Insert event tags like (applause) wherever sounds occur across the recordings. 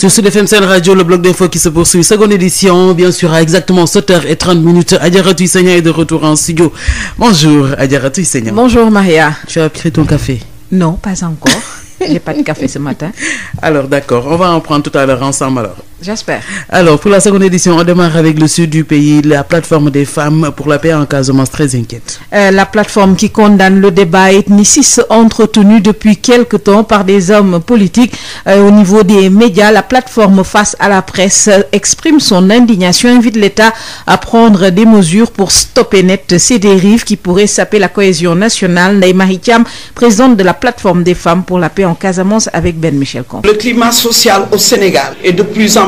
Sur Sud FM Sen Radio, le bloc d'info qui se poursuit. Seconde édition, bien sûr, à exactement 7h30 minutes. Adjaratou Seigneur est de retour en studio. Bonjour, Adjaratou Seigneur. Bonjour, Maria. Tu as ton café? Non, pas encore. J'ai pas de café ce matin. (laughs) Alors, d'accord. On va en prendre tout à l'heure ensemble J'espère. Alors, pour la seconde édition, on démarre avec le sud du La plateforme des femmes pour la paix en Casamance très inquiète. Euh, la plateforme qui condamne le débat ethniciste entretenu depuis quelque temps par des hommes politiques euh, au niveau des médias. La plateforme face à la presse exprime son indignation, invite l'État à prendre des mesures pour stopper net ces dérives qui pourraient saper la cohésion nationale. Ndeye Marie Thiam, de la plateforme des femmes pour la paix en Casamance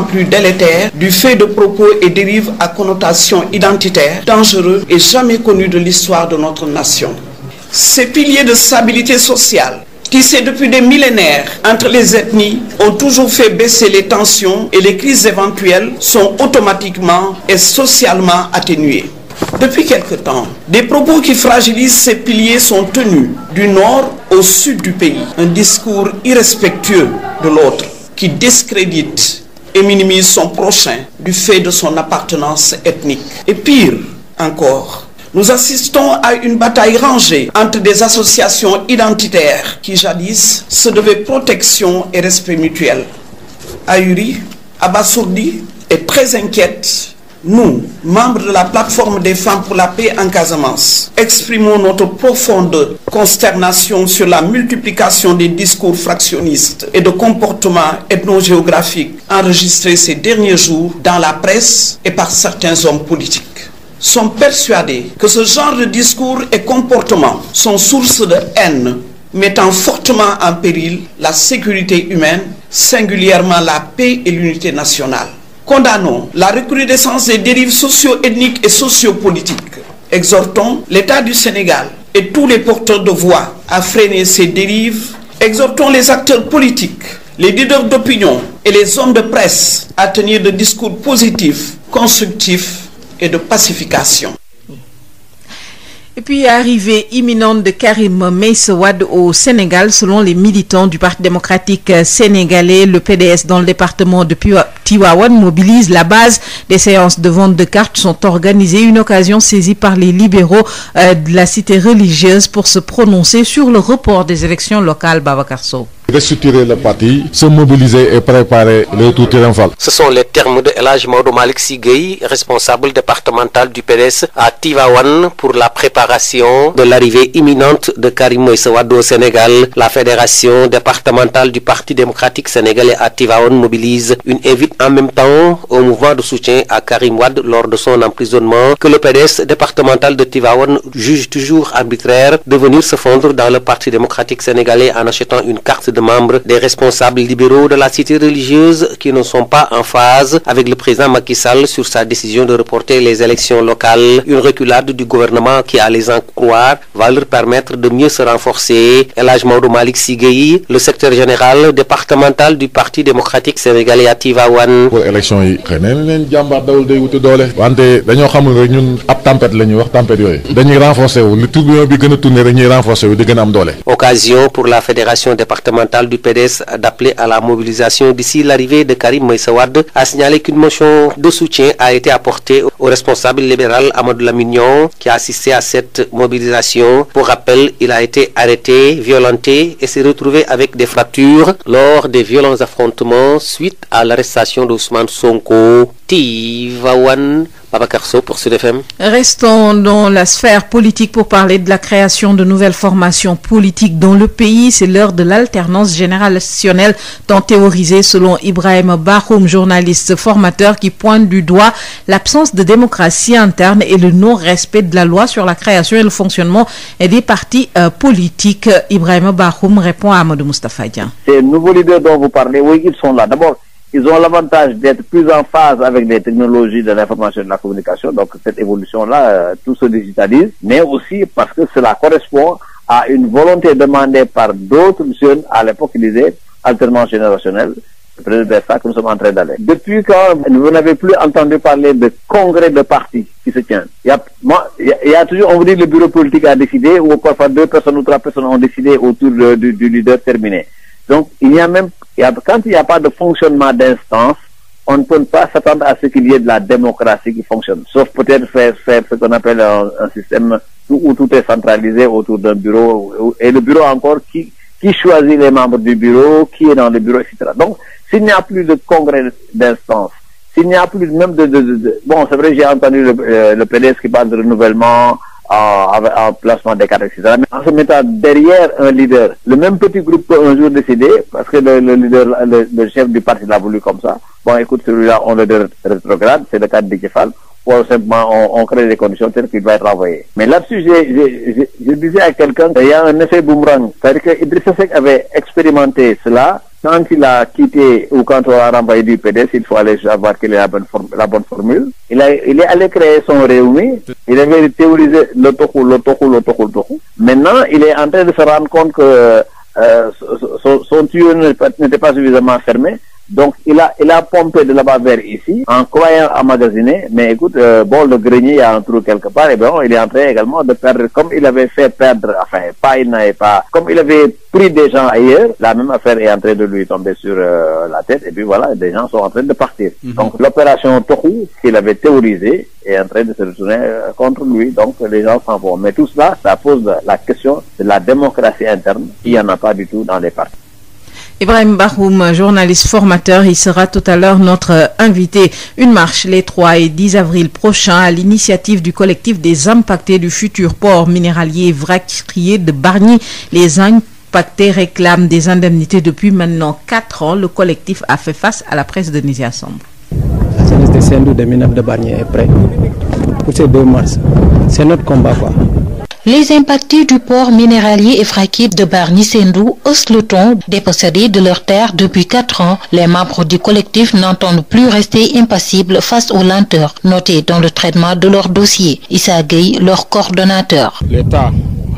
d'autant plus délétère du fait de propos et dérives à connotation identitaire, dangereux et jamais connus de l'histoire de notre nation. Ces piliers de stabilité sociale tissés depuis des millénaires entre les ethnies ont toujours fait baisser les tensions et les crises éventuelles sont automatiquement et socialement atténuées. Depuis quelque temps, des propos qui fragilisent ces piliers sont tenus du nord au sud du pays. Un discours irrespectueux de l'autre qui et minimise son prochain du fait de son appartenance ethnique. Et pire encore, nous assistons à une bataille rangée entre des associations identitaires qui jadis se devaient protection et respect mutuel. Ahuri, abasourdi et très inquiète Nous, membres de la plate plateforme des femmes pour la paix en Casamance, exprimons notre profonde consternation sur la multiplication des discours fractionnistes et de comportements ethnogéographiques enregistrés ces derniers jours dans la presse et par certains hommes politiques sont persuadés que ce genre de discours et comportements sont source de haine, mettant fortement en péril la sécurité humaine, singulièrement la paix et l'unité nationale. Condamnons la recrudescence des dérives socio-ethniques et sociopolitiques. Exhortons l'État du Sénégal et tous les porteurs de voix à freiner ces dérives. Exhortons les acteurs politiques, les leaders d'opinion et les hommes de presse à tenir de discours positifs, constructifs et de pacification. Et puis arrivée imminente de Karim Meïssa Wade au Sénégal selon les militants du Parti démocratique sénégalais, le PDS dans le département de Puy Tiwawan mobilise la base. Des séances de vente de cartes sont organisées, une occasion saisie par les libéraux euh, de la cité religieuse pour se prononcer sur le report des élections locales Babacar Sow. Restructurer le parti, se mobiliser et préparer le triomphal. Ce sont les termes de El Hadj Maodo responsable départemental du PDS à Tivaouane pour la préparation de l'arrivée imminente de Karim Meïssa Sénégal. La fédération départementale du Parti démocratique sénégalais à en même temps au mouvement de soutien à Karim lors de son emprisonnement que le PDS départemental de Tivaouane juge toujours arbitraire de venir se fondre dans le Parti démocratique sénégalais en achetant une carte de membre des responsables libéraux de la cité religieuse qui ne sont pas en phase avec le président Macky sur sa décision de reporter les élections locales. Une reculade du gouvernement qui, à les en va leur permettre de wan. pour élection yi xëy na leen a a d'appeler à la mobilisation d'ici l'arrivée de Karim Meïssa a signalé qu'une motion de soutien a été apportée au responsable libéral Amadou Lamine qui a assisté à cette mobilisation. Pour rappel, il a été arrêté, violenté et s'est retrouvé avec des fractures lors des violents affrontements suite à l'arrestation arrestation d'Ousmane Sonko. Tivawan Babacar Sow pour Sud FM. Restons dans la sphère politique pour parler de la création de nouvelles formations politiques dans le pays. C'est l'heure de l'alternance générationnelle tant théorisée selon Ibrahima Bakhoum, journaliste formateur qui pointe du doigt l'absence de démocratie interne et le non-respect de la loi sur la création et le fonctionnement des partis euh, politiques. Ibrahima Bakhoum répond à Amadou Moustapha Dieng. Ces nouveaux dont vous parlez, oui, ils sont là. D'abord, ils ont l'avantage d'être plus en phase avec les technologies de l'information et de la communication. Donc cette évolution-là, euh, tout se digitalise, mais aussi parce que cela correspond à une volonté demandée par d'autres jeunes à l'époque, ils disaient, alternance générationnelle. que nous sommes en train d'aller. Depuis quand vous n'avez plus entendu parler de congrès de parti qui se tient, il y a, moi, il y a toujours, on vous dit le bureau politique a décidé, ou encore trois personnes y a, quand il n'y a pas de fonctionnement d'instance, on ne peut pas s'attendre à ce qu'il y ait de la démocratie qui fonctionne, sauf peut-être faire, faire ce qu'on appelle un, système où tout est centralisé autour d'un bureau, et le bureau encore qui, choisit les membres du bureau, qui est dans le bureau, etc. Donc, s'il n'y a plus de congrès d'instance, s'il n'y a plus même de... de, de, de bon, euh, qui parle de renouvellement, en, en placement des cartes, etc. Mais en se mettant derrière un leader, le même petit groupe peut un jour décider, parce que le, le leader, le, le, chef du l'a voulu comme ça, bon écoute, celui-là, on le rétrograde, c'est le cas de Kefal Ou simplement on, on crée des conditions telles qu'il va être Mais là-dessus, je, je, disais à quelqu'un qu'il y a un effet boomerang. cest que Idrissa Seck avait expérimenté cela. Quand il a quitté ou quand on a renvoyé du PDS, il faut aller savoir quelle est la bonne, formule. Il, a, il est allé créer son Réumi. Il avait théorisé le toku, le toku, le toku, le toku. Maintenant, il est en train de se rendre compte que euh, son tuyau n'était pas suffisamment fermé. Donc, il a, il a pompé de là vers ici, en croyant à mais écoute, euh, bon, le grenier a un trou quelque part, et bon, il est en train également de perdre, comme il avait perdre, enfin, pas, il n'avait pris des gens ailleurs, la même affaire est en de lui tomber sur euh, la tête, et voilà, des gens sont en train de partir. Mm -hmm. Donc, l'opération Tohu, qu'il avait théorisée, est en train de se retourner euh, contre lui, donc les gens s'en vont. Mais tout cela, ça pose la question Ibrahim Bahoum, journaliste formateur, il sera tout à l'heure notre euh, invité. Une marche les 3 et 10 avril prochains à l'initiative du collectif des impactés du futur port minéralier vraquier de Bargny. Les impactés réclament des indemnités depuis maintenant 4 ans. Le collectif a fait face à la presse de Nizia Samb. La Les impactés du port minéralier et fraquier de Bargny-Sendou haussent le ton, dépossédés de leurs terres depuis quatre ans. Les membres du collectif n'entendent plus rester impassibles face aux lenteurs notées dans le traitement de leur dossier. Issa leur coordonnateur. L'État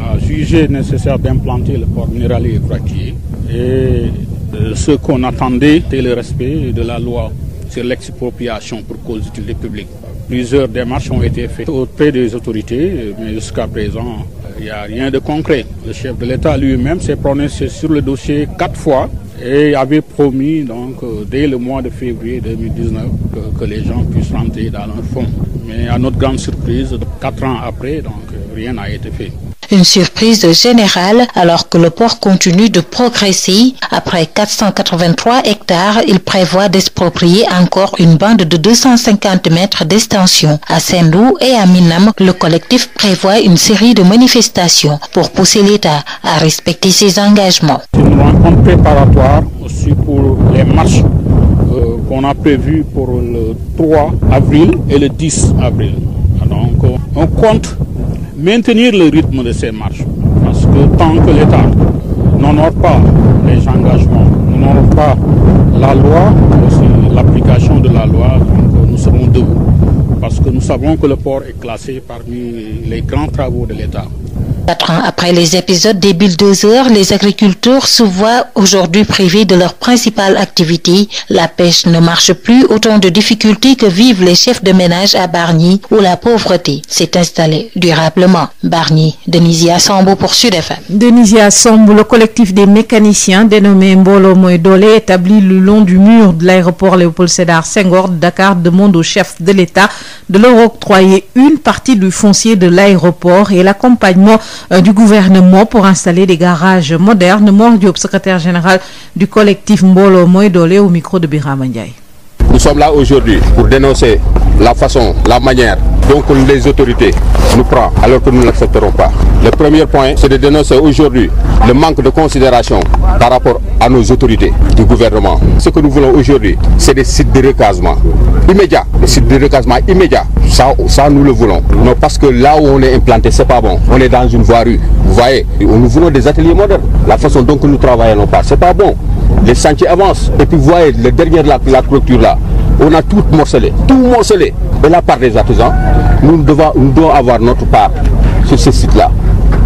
a jugé nécessaire d'implanter le port minéralier et fraquier et euh, ce qu'on attendait, c'était le respect de la loi sur l'expropriation pour cause d'utilité publique. Plusieurs démarches ont été faites auprès des autorités, mais jusqu'à présent, euh, il n'y a rien de concret. Le chef de l'État lui-même s'est prononcé sur le dossier quatre fois et avait promis donc euh, dès le mois de février 2019 que, que les gens puissent rentrer dans le fonds. Mais à notre grande surprise, quatre ans après, donc euh, rien n'a été fait. Une surprise générale alors que le port continue de progresser. Après 483 hectares, il prévoit d'exproprier encore une bande de 250 mètres d'extension. À saint et à Minam, le collectif prévoit une série de manifestations pour pousser l'État à respecter ses engagements. C'est aussi pour euh, a prévues pour le 3 avril et le 10 avril. Donc, on compte maintenir le rythme de ces marches. Parce que tant que l'État n'honore pas les engagements, n'honore pas la loi, l'application de la loi, donc nous serons debout. Parce que nous savons que le port est classé parmi les grands travaux de l'État. Quatre ans après les épisodes des bulldozers, les agriculteurs se voient aujourd'hui privés de leur principale activité. La pêche ne marche plus, autant de difficultés que vivent les chefs de ménage à Bargny, où la pauvreté s'est installée durablement. Bargny, Denisia Sambo pour Sud FM. Denisia Sambo, le collectif des mécaniciens dénommé Mbolo Moy Dolé, établi le long du mur de l'aéroport Léopold Sédar Senghor de Dakar, demande au chef de l'État de leur octroyer une partie du foncier de Euh, du gouvernement pour installer des garages modernes Mor Diop secrétaire général du collectif Mbooloo mooy doole au micro de Birama Ndiaye. sommes là aujourd'hui pour dénoncer la façon, la manière donc les autorités nous prennent alors que nous ne l'accepterons pas. Le premier point, c'est de dénoncer aujourd'hui le manque de considération par rapport à nos autorités du gouvernement. Ce que nous voulons aujourd'hui, c'est des sites de recasement immédiat, des sites de recasement immédiat. Ça, ça, nous le voulons. parce que là où on est implanté, c'est pas bon. nous voulons La façon dont pas, c'est pas bon. le dernier, on a tout morcelé, tout morcelé. Et la part des artisans, nous devons, nous devons avoir notre part sur ce site-là.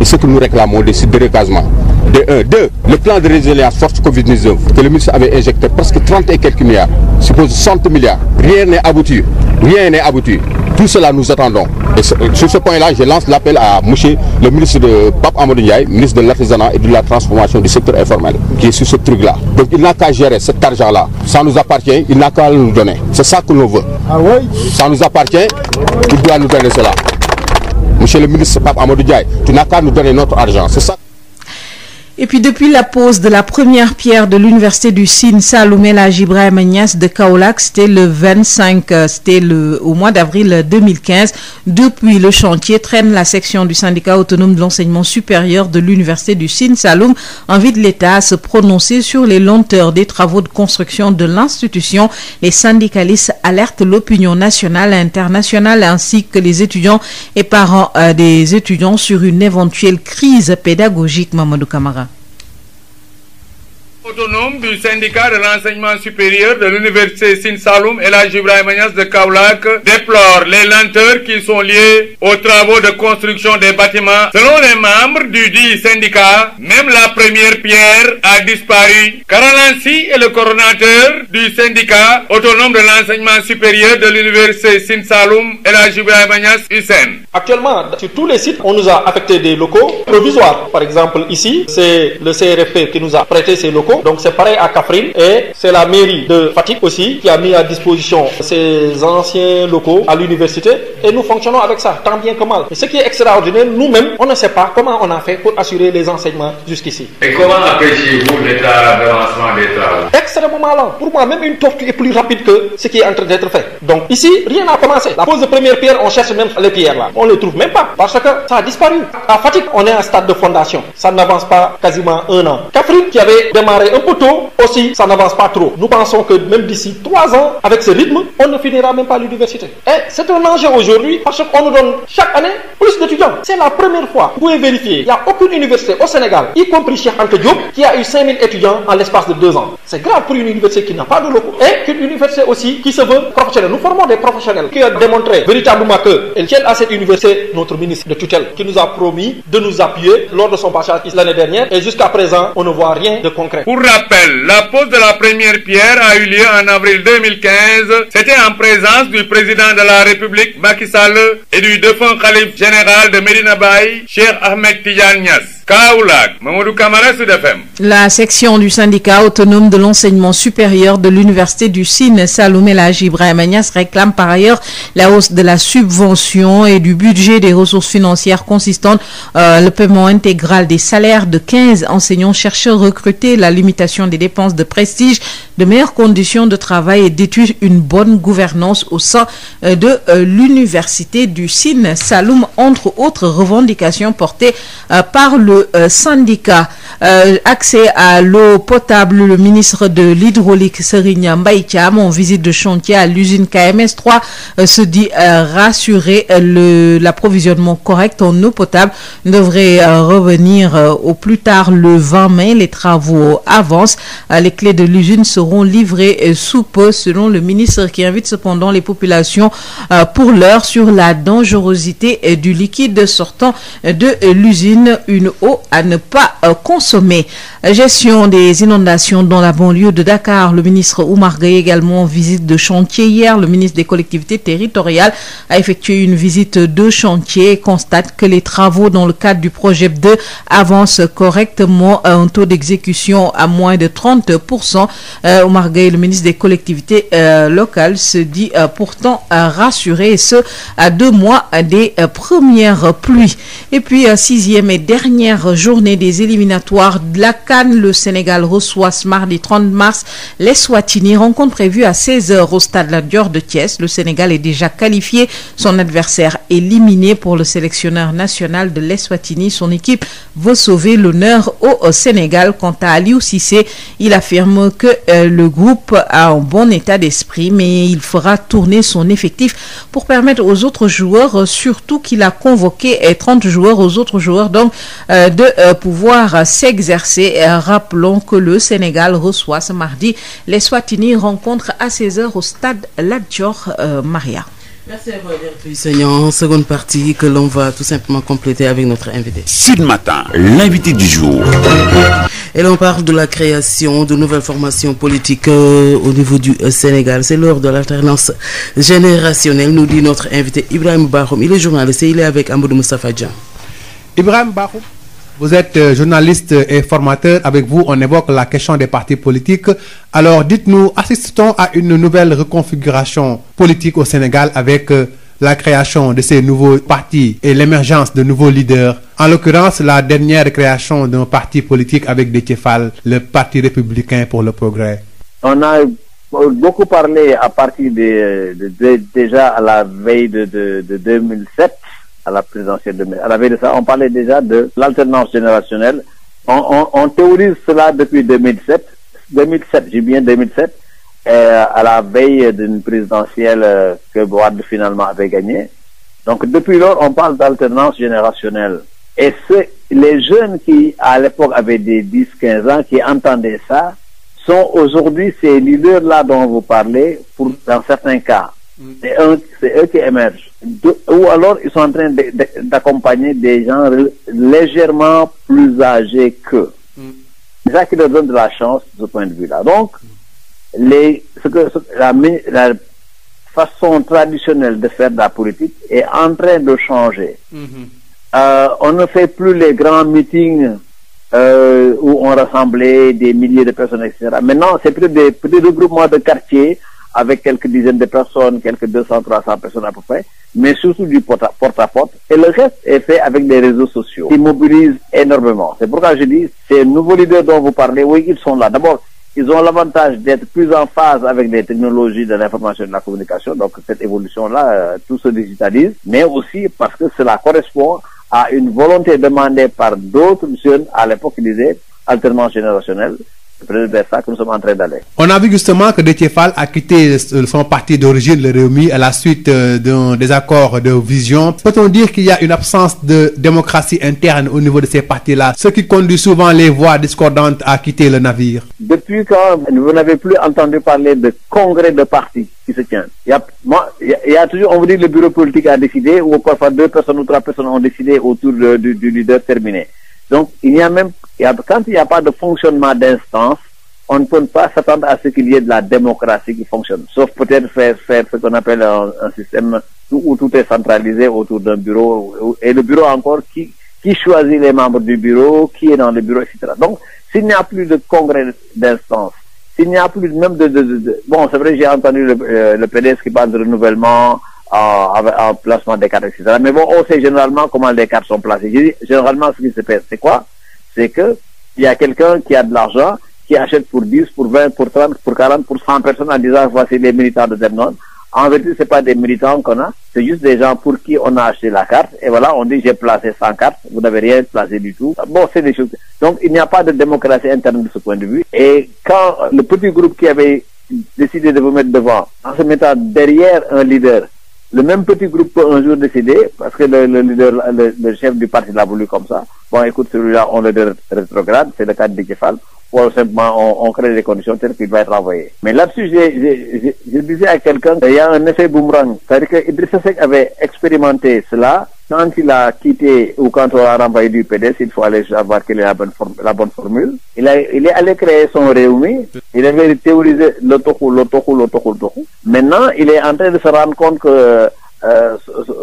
Et ce que nous réclamons, des sites de recasement. de un deux le plan de résilience force covid que le ministre avait injecté presque trente et quelques milliards suppose soixante milliards rien n'est abouti rien n'est abouti tout cela nous attendons euh, sur ce point-là je lance l'appel à monsieur le ministre de Pape Amadou Ndiaye ministre de l'artisanat et de la transformation du secteur informel qui est sur ce truc-là donc il n'a qu'à gérer cet argent-là ça nous appartient il n'a qu'à nous donner c'est ça que ah nous appartient il doit Et puis depuis la pose de la première pierre de l'université du Sine Saloum El Hadji Ibrahima Niass de Kaolack, c'était le euh, au mois d'avril 2015. Depuis, le chantier traîne la section du syndicat autonome de l'enseignement supérieur de l'université du Sine Saloum envie de l'État à se prononcer sur les lenteurs des travaux de construction de l'institution. Les syndicalistes alertent l'opinion nationale et internationale ainsi que les étudiants et parents euh, des étudiants sur une éventuelle crise autonome du syndicat de l'enseignement supérieur de l'université Sine Saloum El Hadji Ibrahima Niass de Kaolack déplore les lenteurs qui sont liées aux travaux de construction des bâtiments. Selon les membres du dit syndicat, même la première pierre a disparu. Karalansi est le coordonnateur du syndicat autonome de l'enseignement supérieur de l'université Sine Saloum El Hadji Ibrahima Niass USEN. Actuellement, sur tous les sites, on nous a affecté des locaux provisoires. Par exemple, ici, c'est le CRFP qui nous a Donc c'est pareil à Kaffrine et c'est la mairie de Fatick aussi qui a mis à disposition ses anciens locaux à l'université et nous fonctionnons avec tant bien que mal. Et ce qui est extraordinaire, nous-mêmes, on ne sait pas comment on a fait pour assurer les enseignements jusqu'ici. Et comment appréciez-vous l'état d'avancement des travaux? Extrêmement Pour moi, même une tortue plus rapide que ce qui est en train d'être fait. Donc rien n'a commencé. La pose de aller un peu tôt, aussi, n'avance pas trop. Nous pensons que même d'ici ans, avec ce rythme, on ne finira pas l'université. Et c'est un enjeu aujourd'hui parce qu'on nous donne chaque année plus d'étudiants. C'est la première fois, vous pouvez vérifier, il n'y a aucune université au Sénégal, y compris Cheikh Anta Diop, qui a eu étudiants en l'espace de ans. C'est grave pour une université qui n'a pas de locaux et qui se démontré véritablement qu'elle tiennent à de tutelle Pour rappel, la pose de la première pierre a eu lieu en avril 2015. C'était en présence du président de la République Macky Sall et du défunt calife général de Medina Baye, Cheikh Ahmed Tidiane Niass. Kaolack Mamadou Camara Sud FM. La section du syndicat autonome de l'enseignement supérieur de l'université du Sine Saloum El Hadji Ibrahima Niass réclame par ailleurs la hausse de la subvention et du budget des ressources financières consistantes euh, le paiement intégral des salaires de 15 enseignants chercheurs recrutés la limitation des dépenses de prestige de meilleures conditions de travail et d'études une bonne gouvernance au sein euh, de euh, l'université du Sine Saloum entre autres revendications euh, de euh, syndicats euh, accès à l'eau potable le ministre de l'hydraulique Serigne Mbaye Thiam en visite de chantier à l'usine KMS 3 euh, se dit rassuré le l'approvisionnement correct en eau potable devrait revenir au plus tard le 20 mai les travaux avancent les clés de l'usine seront livrées sous peu selon le ministre qui invite cependant les populations pour l'heure sur la dangerosité du liquide sortant de l'usine une eau à ne pas euh, consommer. Gestion des inondations dans la banlieue de Dakar. Le ministre Oumar Gueye également visite de chantier hier. Le ministre des collectivités territoriales a effectué une visite de chantier et constate que les travaux dans le cadre du projet 2 avancent correctement à un taux d'exécution à moins de 30 euh, Oumar Gueye, le ministre des collectivités euh, locales, se dit pourtant rassuré, et ce à deux mois des premières pluies. Et puis, sixième et dernière première journée des éliminatoires de la CAN, le Sénégal reçoit ce mardi 30 mars les Swatini. Rencontre prévue à 16h au stade La Dior de Thiès. Le Sénégal est déjà qualifié, son adversaire éliminé pour le sélectionneur national de l'Eswatini. Son équipe veut sauver l'honneur au Sénégal. Quant à Aliou Cissé, il affirme que euh, le groupe a un bon état d'esprit, mais il fera tourner son effectif pour permettre aux autres joueurs, euh, surtout qu'il a convoqué euh, de euh, pouvoir s'exercer. Euh, rappelons que le Sénégal reçoit ce mardi les Swatini rencontrent à 16h au stade Lat Dior euh, Maria. invité. Sud l'invité du jour. Et l'on parle de la création de nouvelles formations politiques euh, au niveau du Sénégal. C'est l'heure de l'alternance générationnelle, nous dit notre invité Ibrahim Bakhoum. Il est journaliste et il est avec Amadou Moustapha Dian. Vous êtes euh, journaliste et formateur. Avec vous, on évoque la question des partis politiques. Alors, dites-nous, assistons à une nouvelle reconfiguration politique au Sénégal avec euh, la création de ces nouveaux partis et l'émergence de nouveaux leaders. En l'occurrence, la dernière création d'un parti politique avec Déthié Fall, le Parti républicain pour le progrès. On a beaucoup parlé à partir de, de, déjà à la veille de, de 2007 à la présidentielle de mai. À la veille de ça, on parlait déjà de l'alternance générationnelle. On, on, on, théorise cela depuis 2007. 2007, j'ai bien euh, à la veille d'une présidentielle euh, que Boad finalement avait gagnée. Donc depuis lors, on parle d'alternance générationnelle. Et les jeunes qui, à l'époque, avaient des 10-15 ans, qui entendaient ça, sont aujourd'hui ces leaders-là dont vous parlez, pour, dans certains cas. c'est un c'est eux qui émergent ou alors ils sont en train d'accompagner des gens légèrement plus âgés qu'eux mm. c'est ça qui leur donne de la chance de ce point de vue-là donc les ce que ce, la, la façon traditionnelle de faire de la politique est en train de changer mm-hmm. euh, on ne fait plus les grands meetings euh, où on rassemblait des milliers de personnes etc maintenant c'est plutôt des petits regroupements de quartiers avec quelques dizaines de personnes, quelques 200, 300 personnes à peu près, mais surtout du porte-à-porte. -porte. Et le reste est fait avec des réseaux sociaux qui mobilisent énormément. C'est pourquoi je dis, ces nouveaux leaders dont vous parlez, oui, ils sont là. D'abord, ils ont l'avantage d'être plus en phase avec les technologies de l'information et de la communication. Donc, cette évolution-là, euh, tout se digitalise, mais aussi parce que cela correspond à une volonté demandée par d'autres jeunes à l'époque, ils disaient, alternance Président Bersa, que nous sommes en train d'aller. On a vu justement que Détiefal a quitté son parti d'origine, le Réumi, à la suite euh, d'un désaccord de vision. Peut-on dire qu'il y a une absence de démocratie interne au niveau de ces partis-là, ce qui conduit souvent les voix discordantes à quitter le navire Depuis quand vous n'avez plus entendu parler de congrès de parti qui se tient. Il y a, toujours, on vous dit le bureau politique a décidé, ou parfois deux personnes Donc, il n'y a même, il y a, pas de fonctionnement d'instance, on ne peut pas s'attendre à ce qu'il y ait de la démocratie qui fonctionne, sauf peut-être faire, ce qu'on appelle un, système où, tout est centralisé autour d'un bureau, et le bureau encore qui, qui choisit les membres du bureau, qui est dans le bureau, etc. Donc, s'il n'y a plus de congrès d'instance, s'il n'y a plus de... de, de, de bon, c'est vrai, j'ai euh, PDS qui parle de renouvellement, en, en, placement des cartes, etc. Mais bon, on sait généralement comment les cartes sont placées. Généralement, ce qui se passe, c'est quoi C'est que il y a quelqu'un qui a de l'argent, qui achète pour pour 20, pour personnes en disant voici les militants de Zemnon. En vérité, c'est pas des militants qu'on a, c'est juste des gens pour qui on a acheté la carte. Et voilà, on dit j'ai placé 100 cartes, vous n'avez rien placé du tout. Bon, c'est le même petit groupe peut un jour décider, parce que le, le leader, le, le, chef du parti l'a voulu comme ça, bon écoute, celui-là, on le rétrograde, c'est le cas de Dikefal, ou simplement on, on crée des conditions telles qu'il va travailler. Mais là-dessus, je disais à quelqu'un qu'il y a un effet boomerang. C'est-à-dire que Idrissa Seck avait expérimenté cela. Quand il a quitté ou quand on l'a renvoyé du PDS, il faut aller savoir quelle est la bonne, formule. Il, a, il est allé créer son Réumi. Il avait théorisé le toku, le toku, le toku, le toku. Maintenant, il est en train de se rendre compte que euh,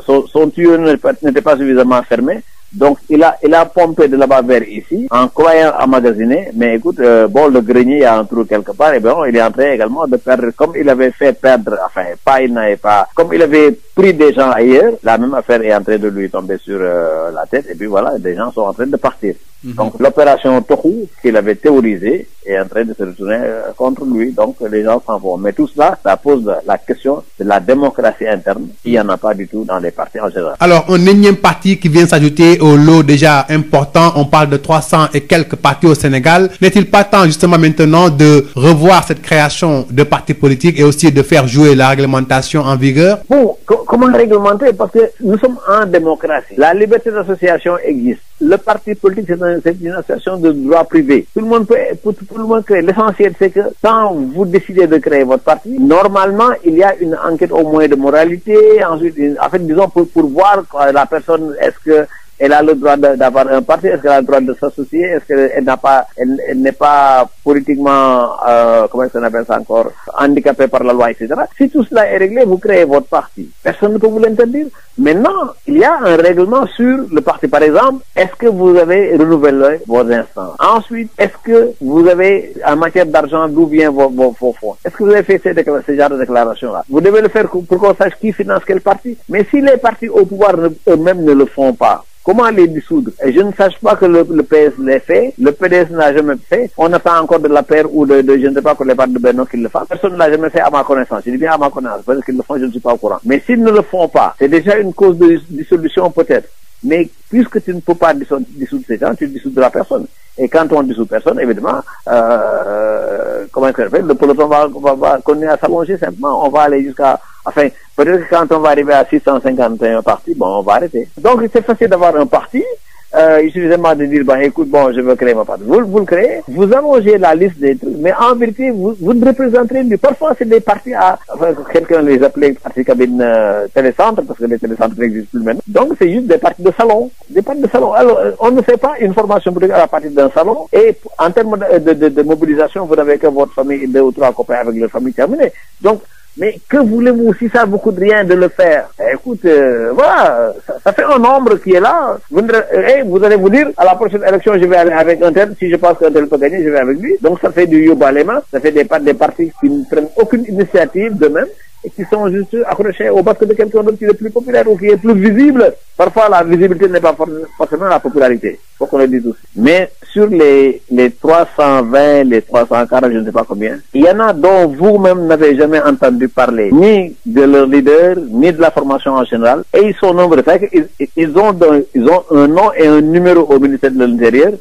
son, son tuyau n'était pas suffisamment fermé. Donc, il a, il a pompé de là vers ici, en croyant à mais écoute, euh, bon, le grenier a un trou quelque part, et bien, il est en train également de perdre, comme il avait fait perdre, enfin, pas, il n'avait pas, comme il avait pris des gens ailleurs, la même affaire est en de lui tomber sur euh, la tête, et voilà, des gens sont en train de partir. Mhm. Donc l'opération Toku qu'il avait théorisée est en train de se retourner euh, contre lui. Donc les gens s'en vont. Mais tout cela, pose la question de la démocratie interne. Il n'y en a pas du tout dans les partis en général. Alors un énième parti qui vient s'ajouter au lot déjà important. On parle de 300 et quelques partis de revoir cette création de politiques et aussi de faire jouer la réglementation en vigueur? Bon, comment réglementer? Parce que nous sommes en démocratie. La liberté d'association c'est une association de droit privé. Tout le monde peut, créer. L'essentiel, c'est que quand vous décidez de créer votre parti, normalement, il y a une enquête au moins de moralité, ensuite, une, voir la personne, est-ce que elle a le droit d'avoir un parti Est-ce qu'elle a le droit de s'associer Est-ce qu'elle n'a pas, elle, elle n'est pas politiquement, euh, comment on appelle encore, handicapée par la loi, etc. Si tout cela est réglé, vous créez votre parti. Personne ne peut vous l'interdire. Maintenant, il y a un règlement sur le parti. Par exemple, est-ce que vous avez renouvelé vos instances Ensuite, est-ce que vous avez, en matière d'argent, d'où viennent vos, vos, fonds Est-ce que vous avez de déclarations-là Vous devez le faire Comment les dissoudre Et je ne sache pas que le, le PS l'ait fait, le PDS n'a jamais fait. On attend encore de la paire ou de, je ne sais pas que les parts de Benoît qui le fassent. Personne ne jamais fait à ma connaissance. Je dis bien à ma connaissance, parce qu'ils le font, je ne suis pas au courant. Mais s'ils ne le font pas, c'est déjà une cause de dissolution peut-être. Mais puisque tu ne peux pas dissoudre, ces gens, tu dissoudres la personne. Et quand on dissout Enfin, peut-être que quand on va arriver à 651 partis, bon, on va arrêter. Donc, c'est facile d'avoir un parti. Euh, il suffit de dire, bon, écoute, bon, je veux créer ma parti. Vous, le créez, vous allongez la liste des mais en vérité, vous, vous représenterez mieux. Parfois, c'est des partis à, quelqu'un les appelait partis cabine euh, télécentre, parce que les télécentres n'existent plus maintenant. Donc, c'est juste des partis de salon. Des Mais que voulez-vous si ça vous coûte de le faire eh, Écoute, euh, voilà, ça, ça, fait un nombre qui est là. Vous, euh, eh, vous, dire, à la prochaine élection, je vais aller avec un Si je pense qu'un tel peut gagner, je vais avec lui. Donc ça fait du yoba les ça fait des, des qui ne prennent aucune initiative d'eux-mêmes. qui sont juste accrochés au basque de quelqu'un d'autre qui est plus populaire ou plus visible. Parfois, la visibilité n'est pas forcément la popularité. Faut qu'on le dise aussi. Mais sur les, les 320, les 340, je ne sais pas combien, il y en a dont vous-même n'avez jamais entendu parler, ni de leur leader, ni de la formation en général. Et ils sont nombreux. Ils, ils, ont, ils ont un nom et un numéro au ministère de l'Intérieur.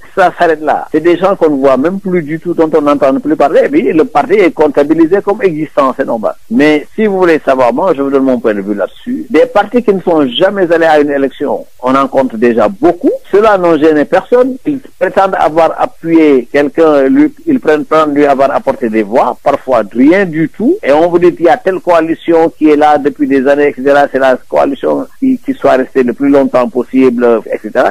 vous voulez savoir, moi, je vous donne mon point de vue là-dessus. Des partis qui ne sont jamais allés à une élection, on en compte déjà beaucoup. Cela n'ont gêné personne. Ils prétendent avoir appuyé quelqu'un, ils prétendent lui avoir apporté des voix, parfois rien du tout. Et on vous dit qu'il y a telle coalition qui est là depuis des années, etc. C'est la coalition qui soit restée le plus longtemps possible, etc.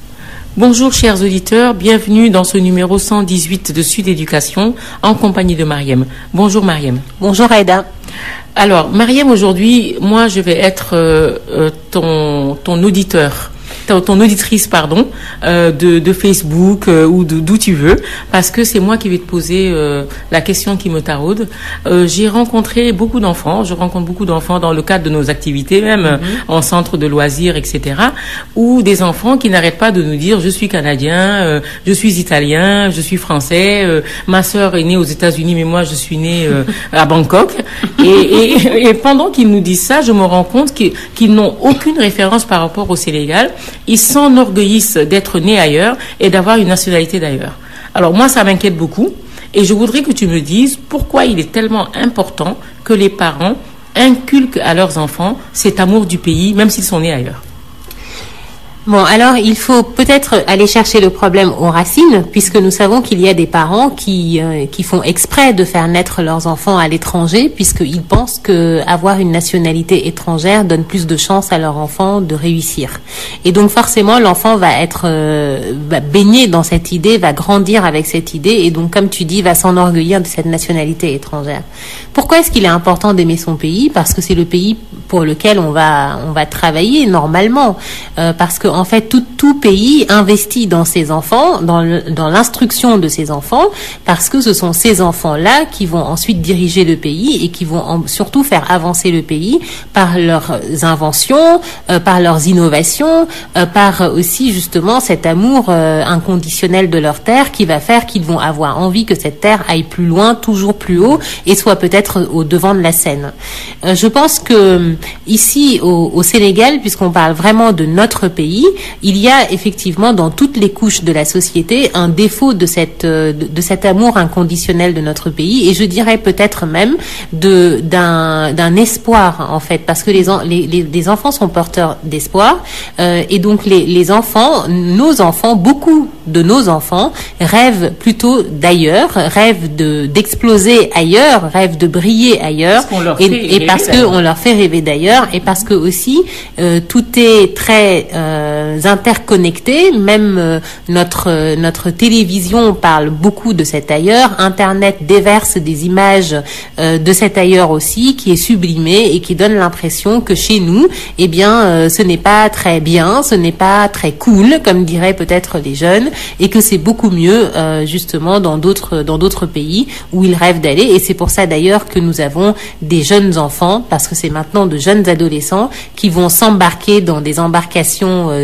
Bonjour chers auditeurs, bienvenue dans ce numéro 118 de Sud Éducation en compagnie de Mariem. Bonjour Mariem. Bonjour Aïda. Alors Mariem, aujourd'hui, moi je vais être euh, euh ton, ton auditeur ton auditrice, pardon, euh, de, de, Facebook euh, ou d'où tu veux, parce que c'est moi qui vais te poser euh, la question qui me taraude. Euh, j'ai rencontré beaucoup d'enfants, je rencontre beaucoup d'enfants dans le cadre de nos activités, même mm -hmm. en centre de loisirs, etc., ou des enfants qui n'arrêtent pas de nous dire je suis canadien, euh, je suis italien, je suis français, euh, ma sœur est née aux États-Unis, mais moi je suis né à Bangkok. (laughs) Et, et, et pendant qu'ils nous disent ça, je me rends compte qu'ils qu n'ont aucune référence par rapport au Sénégal ils s'enorgueillissent d'être nés ailleurs et d'avoir une nationalité d'ailleurs. Alors moi, ça m'inquiète beaucoup et je voudrais que tu me dises pourquoi il est tellement important que les parents inculquent à leurs enfants cet amour du pays, même s'ils sont nés ailleurs. Bon, alors il faut peut-être aller chercher le problème aux racines, puisque nous savons qu'il y a des parents qui, euh, qui font exprès de faire naître leurs enfants à l'étranger, puisqu'ils pensent que avoir une nationalité étrangère donne plus de chances à leur enfant de réussir. Et donc forcément, l'enfant va être euh, va baigné dans cette idée, va grandir avec cette idée, et donc comme tu dis, va s'enorgueillir de cette nationalité étrangère. Pourquoi est-ce qu'il est important parce que en fait, tout, tout pays investit dans ses enfants, dans l'instruction dans de ses enfants, parce que ce sont ces enfants-là qui vont ensuite diriger le pays et qui vont en, surtout faire avancer le pays par leurs inventions, euh, par leurs innovations, euh, par aussi justement cet amour euh, inconditionnel de leur terre qui va faire qu'ils vont avoir envie que cette terre aille plus loin, toujours plus haut et soit peut-être au devant de la scène. Euh, je pense que ici au, au Sénégal, puisqu'on parle vraiment de notre pays, il y a effectivement dans toutes les couches de la société un défaut de cette de, de cet amour inconditionnel de notre pays et je dirais peut-être même de d'un d'un espoir en fait parce que les les les, les enfants sont porteurs d'espoir euh, et donc les les enfants, nos enfants, beaucoup de nos enfants rêvent plutôt d'ailleurs, rêvent de d'exploser ailleurs, rêvent de briller ailleurs parce et, et parce que on leur fait rêver d'ailleurs et parce que aussi euh, tout est très euh, Euh, interconnectés. Même euh, notre, euh, notre télévision parle beaucoup de cet ailleurs. Internet déverse des images de cet ailleurs aussi, qui est sublimé et qui donne l'impression que chez nous, eh bien, ce n'est pas très bien, ce n'est pas très cool, comme diraient peut-être les jeunes, et que c'est beaucoup mieux justement dans d'autres dans d'autres pays où ils rêvent d'aller. Et c'est pour ça d'ailleurs que nous avons des jeunes enfants, parce que c'est maintenant de jeunes adolescents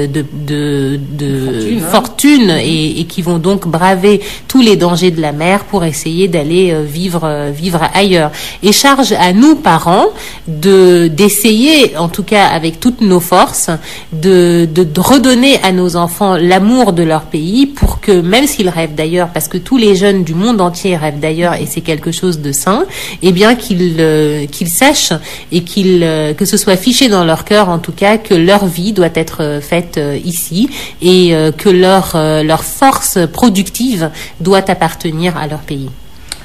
de, de, de fortune, hein. fortune et, et, qui vont donc braver tous les dangers de la mer pour essayer d'aller euh, euh, vivre, ailleurs. Et charge à nous, parents, de d'essayer, en tout cas avec toutes nos forces, de, de, de redonner à nos enfants l'amour de leur pays pour que, même s'ils rêvent d'ailleurs, parce que tous les jeunes du monde entier rêvent d'ailleurs et c'est quelque chose de sain, eh euh, qu'ils sachent et que ce soit fiché dans leur cœur en tout cas que leur vie doit être faite fait euh, ici et euh, que leur, euh, leur force productive doit appartenir à leur pays.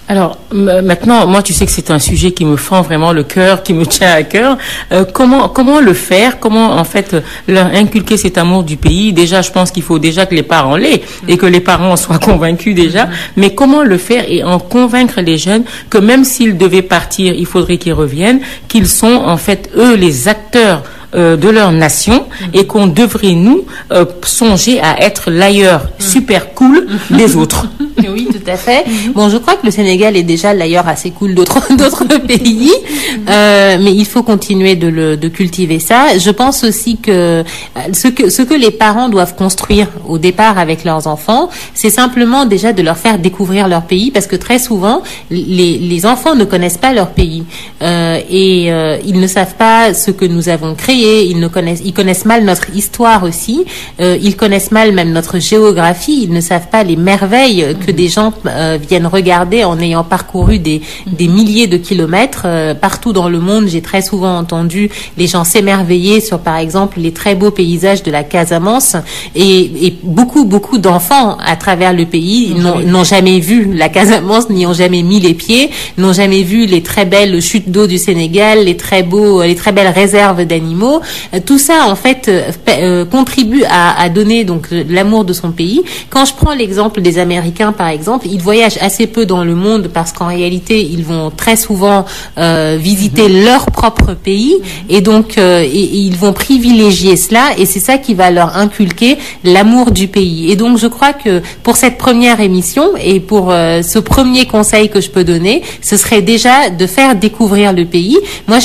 Alors maintenant, moi tu sais que c'est un sujet qui me fend vraiment le cœur, qui me tient à cœur. Euh, comment comment le faire Comment en fait leur inculquer cet amour du pays Déjà, je pense qu'il faut déjà que les parents l'aient et que les parents soient (laughs) convaincus déjà. Mais comment le faire et en convaincre les jeunes que même s'ils devaient partir, il faudrait qu'ils reviennent, qu'ils sont en fait eux les acteurs euh, de leur nation mm. et qu'on devrait, nous, euh, songer à être l'ailleurs mm. super cool mm. des autres. (laughs) oui, tout à fait. Bon, je crois que le Sénégal est déjà d'ailleurs assez cool d'autres (laughs) pays, euh, mais il faut continuer de le de cultiver ça. Je pense aussi que euh, ce que ce que les parents doivent construire au départ avec leurs enfants, c'est simplement déjà de leur faire découvrir leur pays parce que très souvent les les enfants ne connaissent pas leur pays euh, et euh, ils ne savent pas ce que nous avons créé, ils connaissent mal notre histoire aussi, euh, ils connaissent mal même notre géographie, ils que des gens euh, viennent regarder en ayant parcouru des, des milliers de kilomètres. Euh, partout dans le monde, j'ai très souvent entendu les gens s'émerveiller sur, par exemple, les très beaux paysages de la Casamance. Et, et beaucoup, beaucoup d'enfants à travers le pays n'ont jamais vu la Casamance, n'y ont jamais mis les pieds, n'ont jamais vu les très belles chutes d'eau du Sénégal, les très beaux, euh, les très belles réserves d'animaux. Euh, tout ça, en fait, euh, euh, contribue à, à donner donc l'amour de son pays. Quand je prends l'exemple des Américains, Américains, par exemple, ils voyagent assez peu dans le monde parce qu'en réalité, ils vont très souvent euh, visiter mm -hmm. leur propre pays mhm. euh, ils vont privilégier cela et c'est ça qui va leur inculquer l'amour du pays. Et donc, je crois que pour cette première émission et pour euh, ce premier conseil que je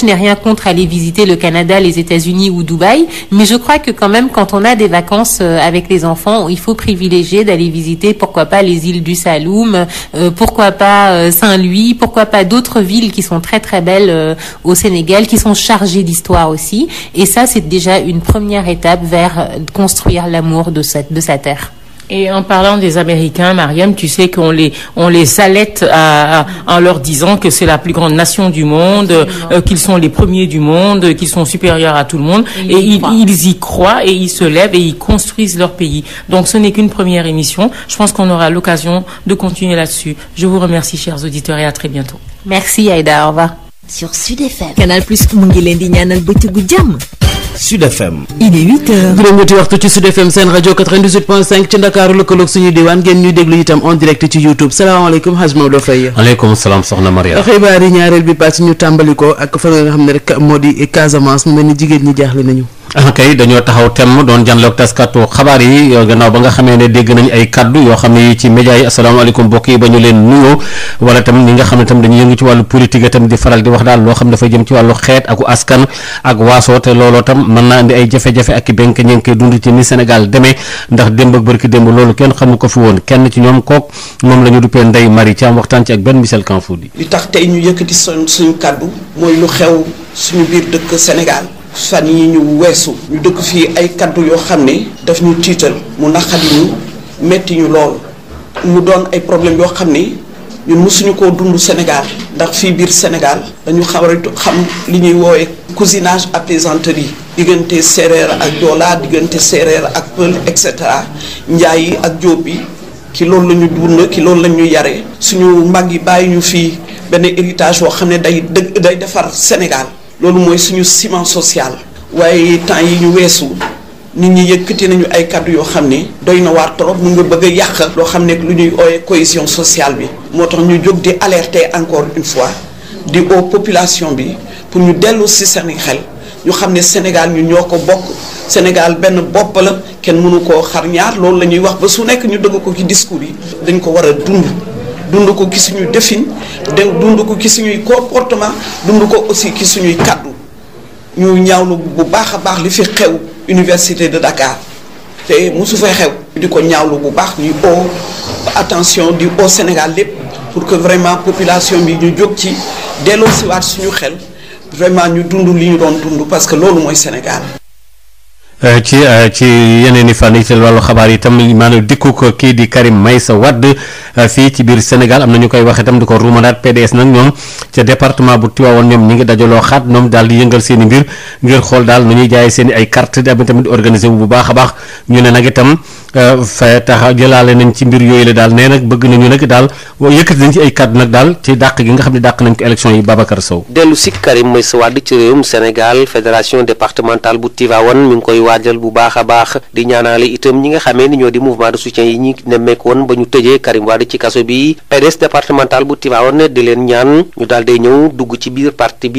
n'ai rien contre aller visiter le Canada, les États-Unis ou Dubaï, mais je crois que quand même, quand on a des vacances euh, avec les enfants, il faut privilégier d'aller visiter, ville du Saloum, euh, pourquoi pas euh, Saint-Louis, pourquoi pas d'autres villes qui sont très très belles euh, au Sénégal, qui sont chargées d'histoire aussi. Et c'est déjà une première étape vers construire l'amour de sa terre. Et en parlant des Américains, Mariam, tu sais qu'on les on les salette à, à, en leur disant que c'est la plus grande nation du monde, euh, qu'ils sont les premiers du monde, qu'ils sont supérieurs à tout le monde. Et, ils, y croient et ils se lèvent et construisent leur pays. Donc ce n'est qu'une première émission. Je pense qu'on aura l'occasion de continuer là-dessus. Je vous remercie, chers auditeurs, et à très bientôt. Sud FM. il seen rajo ci Ndakaaru lëkkaloog suñuy diwaan ngeen ñuy déglu itam en direct ci YouTube salaamaaleykum Hadj Maodo Faye. maaleykum salaam soxna nga xam ne rek moo di Casamance mu mel jigéen ñi jaaxle nañu. Ah, kay dañoo taxaw temm doon jànloog taskatu xabaar yi gannaaw ba nga xamee ne dégg nañ ay kaddu yoo xam ne yi ci média yi asalaamaaleykum mbokk yi ba ñu leen nuyoo wala tam ni nga xam ne tam dañuy yëngu ci wàllu politique tam di faral di wax daal loo xam ne mën naa indi ay jafe-jafe ak i benk ña ngi dund ci ni senegal demee ndax démb ak barki démb loolu kenn xamu ko fi woon kenn ci ñoom kook moom la ñu duppee Ndeye Marie Thiam waxtaan ci ak benn Michel di li tax tey ñu yëkkati suñ suñu kàddu mooy lu xew suñu biir dëkk senegal fan yi ñu weesu ñu dëkk fii ay kàddu yoo xam ne daf ñu tiital mu naqadi ñu metti ñu lool mu doon ay problème yoo xam ne ñun mësuñu koo dund Sénégal ndax fii biir Sénégal dañu xaw xam li ñuy woowee cousinage à yi diggante séeréer ak joolaa diggante séeréer ak pël et cetera njaay yi ak jóob yi ki loolu lañu ñu dund ki loolu la ñu yaree suñu mag yi bàyyi ñu fii benn héritage boo xam ne day dëgg day defar Sénégal loolu mooy suñu ciment social waaye temps yi ñu weesu nit ñi yëkkati nañu ay kàddu yoo xam ne doy na waar trop mu nga bëgg a yàq loo xam ne lu ñuy ooye cohésion sociale bi moo tax ñu jóg di alerter encore une fois di au population bi pour ñu dellu si seen xel ñu xam ne Sénégal ñu ñoo ko bokk Sénégal benn bopp la kenn mënu koo xar ñaar loolu la ñuy wax ba su nekk ñu dëgg ko ki discours yi dañ ko war a dund dund ko ci suñuy defin dund ko ci suñuy comportement dund ko aussi ci suñuy kàddu ñu ñaawlu bu baax a baax li fi xew université de Dakar te mosu fay xew di ko ñaawlu bu baax ñuy oo attention di au Sénégal lépp pour que vraiment population bi ñu jóg ci delloo siwaat suñu xel vraiment ñu dund li ñu doon dund parce que loolu mooy Sénégal Eh, ci eh, ci yeneen i fa yi ci wàllu xabaar yi tam maanaam ko kii di Karim sa wadd eh, fii ci biir Sénégal am na ñu koy wax itam di ko ruumanaat PDS nag ñoom ca département bu Tivaouane ñoom ñu ngi dajaloo xaat ñoom daal di yëngal seen i mbir ngir xool daal nu ñuy jaayee seen i ay carte di am tamit organisé bu baax a baax ñu ne nag itam Euh, fa tax jëlaale nañ ci mbir yooyu la daal nee nag bëgg nañu nag daal yëkkati nañ ci ay kàddu nag daal ci dàq gi nga xam ne dàq nañ ko élection yi Babacar Sow dellu si Karim Meïssa Wade ci réewum Sénégal fédération départementale bu Tivaouane mi ngi bu baax a baax di ñaanaale itam ñi nga xamee ni ñoo di mouvement de soutien yi ñi nemmeekoon ba ñu tëjee Karim Wade ci kaso bi PDS départemental bu Tivaouane di leen ñaan ñu daal day ñëw dugg ci biir parti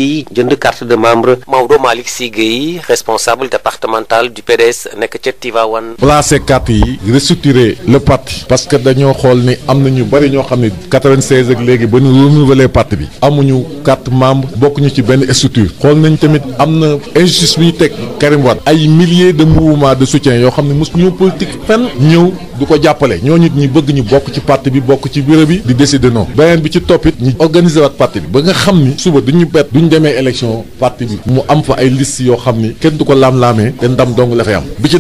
yi restructurer le parti que dañoo xool ni am na ñu bëri ñoo xam ne 96 ak léegi ba ñu renouveler parti bi amuñu quatre membres bokkuñu ci benn structure xool nañ tamit am na injustice bi ñu teg Karim Wade ay milliers de mouvements de soutien yoo xam ne mos ñu politique fenn ñëw du ko jàppale ñoo nit ñi bëgg ñu bokk ci parti bi bokk ci bureau bi di décider non beneen bi ci toppit ñu organiser waat parti bi ba nga xam ni suba duñu bett duñ demee élection parti bi mu am fa ay liste yoo xam ni kenn du ko laam-laamee la fay am bi ci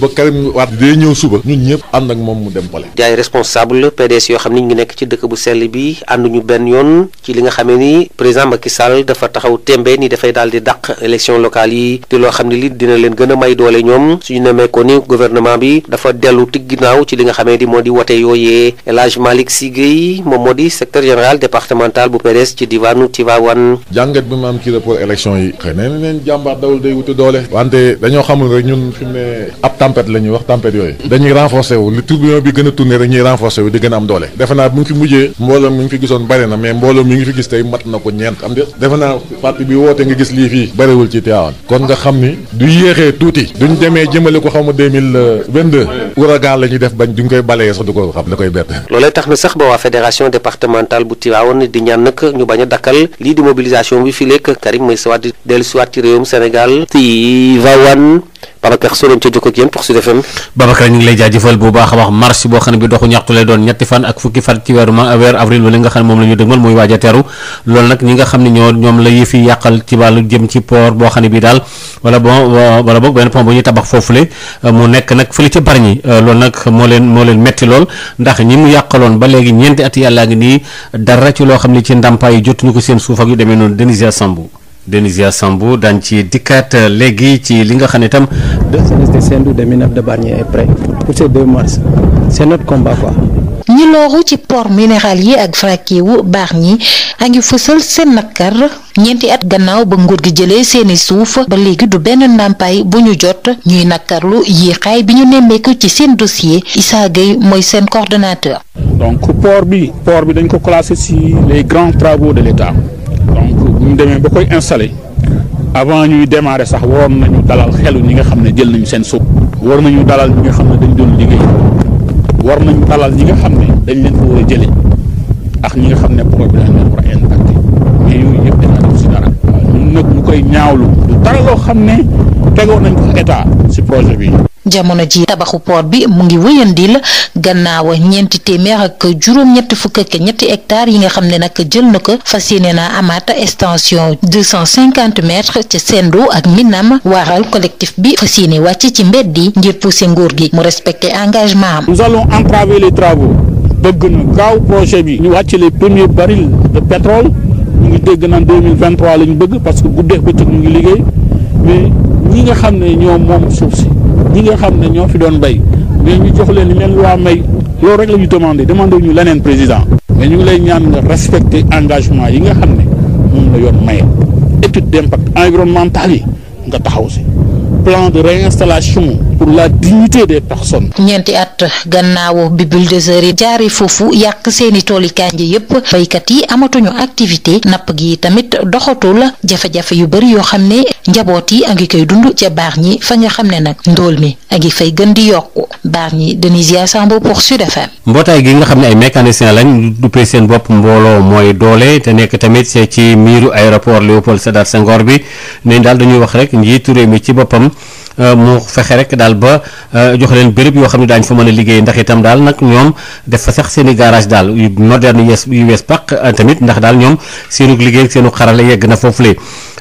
ba Karim Wade day ñëw suba ñun ñëpp ànd ak moom mu dem pale jaay responsable la PDS yoo xam ni ñu ngi nekk ci dëkk bu sell bi ànduñu benn yoon ci li nga xamee ni président Macky dafa taxaw témbe ni dafay daal di dàq élection yi di loo xam ne li dina leen gën a may doole ñoom suñu nemee ko ni gouvernement bi dafa dellu tig ginnaaw ci li nga xamee ni moo di wote yooyee El Hadj Malick Sy moom moo di secteur général départemental bu PDS ci diwaanu Tivaouane jàngat tempête la wax tempête yooyu dañuy renforcer wu li tourbillon bi gën a tourner rek ñuy di gën a am doole defe naa mu fi mujjee mbooloo mi ngi fi gisoon bari na mais mbooloo mi ngi fi gis tey mat na ko ñeent am de defe bi woote nga gis lii fii bariwul ci Tivaouane kon nga xam ni du yéexee tuuti duñ demee jëmale ko xaw ma 2022 ouragan def bañ duñ koy balayee sax du ko xam da koy bett loolee tax na sax ba waa fédération départementale Babacar soo leen ca jokkoog yéen pour Sud FM. Babacar ñu ngi lay jaajëfal bu baax a baax marche boo xam ne bi doxu ñaxtu lay doon ñetti fan ak fukki fan ci weeru ma weer avril wala nga xam ne moom la ñu dëgmal muy waaj a teru loolu nag ñi nga xam ne ñoo ñoom la yëfi yàqal ci wàllu jëm ci port boo xam ne bi daal wala bon wala boog benn pont bu ñuy mu nekk nag fële ca Bargny loolu nag moo leen moo leen metti lool ndax ñi mu yàqaloon ba léegi ñeenti at yàllaa ngi nii dara loo xam ne ci ndàmpaay yi jotuñu seen suuf ak yu demee noonu Denisia Denisia Sambou daan ci dikkaat euh, léegi ci li nga xam ne itam. deux séances de Sendou de Minaf de Bargny est prêt pour ces deux mars c'est notre combat quoi. ñi ci port minéral yi ak fracking wu Bargny a ngi fësal seen nakar ñeenti at gannaaw ba nguur gi jëlee seeni suuf ba léegi du benn ndàmpaay bu ñu jot ñuy nakarlu yéexaay bi ñu nemmeeku ci seen dossier Issa Gueye mooy seen coordonnateur. donc port bi port bi dañ ko classé ci les grands travaux de l'État mu demee ba koy installé avant ñuy démarrer sax waroon nañu dalal xelu ñi nga xam ne jël nañu seen suuf war nañu dalal ñi nga xam ne dañ doon liggéey war nañu dalal ñi nga xam ne dañ leen ko a jëlee ak ñi nga xam ne projet bi dañ leen war a yëpp dañ si dara. waaw ñun nag ñu koy ñaawlu du loo xam ne tegoon nañ ko état si projet bi. jamono ji tabaxu port bi mu ngi wëyandil gannaaw ñeenti téeméer ak juróom-ñetti fukk ak ñetti hectares yi nga xam ne nag jël na ko fas yéene na amaat extension deux cent cinquante mètres ca Sendou ak Minam waaral collectif bi fas yéene wàcc ci mbedd yi ngir pousser nguur gi mu respecter engagement am. nous allons entraver les travaux bëgg na gaaw projet bi. ñu wàcc les premiers barils de pétrole ñu ngi dégg naan deux bëgg parce que guddeeg bëccëg ñu ngi liggéey ñi nga xam ne ñoo moom suuf si ñi nga xam ne ñoo fi doon bay mais ñu jox leen li leen loi may loolu rek la ñu demandé demandé ñu leneen président mais ñu ngi lay ñaan nga respecter engagement yi nga xam ne moom la yoon maye étude d'impact environnemental yi nga taxaw si plan de réinstallation pour la dignité des personnes jot gannaaw bi bulldozer yi jaare foofu yàq seeni tooli kànja yépp baykat yi amatuñu activité napp yi tamit doxatul jafe-jafe yu bari yoo xam ne njaboot yi a ngi koy dund ca baax ñi fa nga xam ne nag ndool mi a ngi fay gën di yokk baax ñi Denisia Sambo pour Sud mbootaay gi nga xam ne ay mécaniciens lañ duppee seen bopp mbooloo mooy doole te nekk tamit ci miiru aéroport Léopold Sédar Senghor bi ne daal dañuy wax rek njiitu réew ci boppam Euh, mu fexe rek daal ba euh, jox leen béréb yoo xam ne daañu fa mën a liggéey ndax itam daal nag ñoom def fa sax seen garage daal yu moderne yu yees wees pàq euh, tamit ndax daal ñoom seenu liggéey seenu xarala yegg na foofu le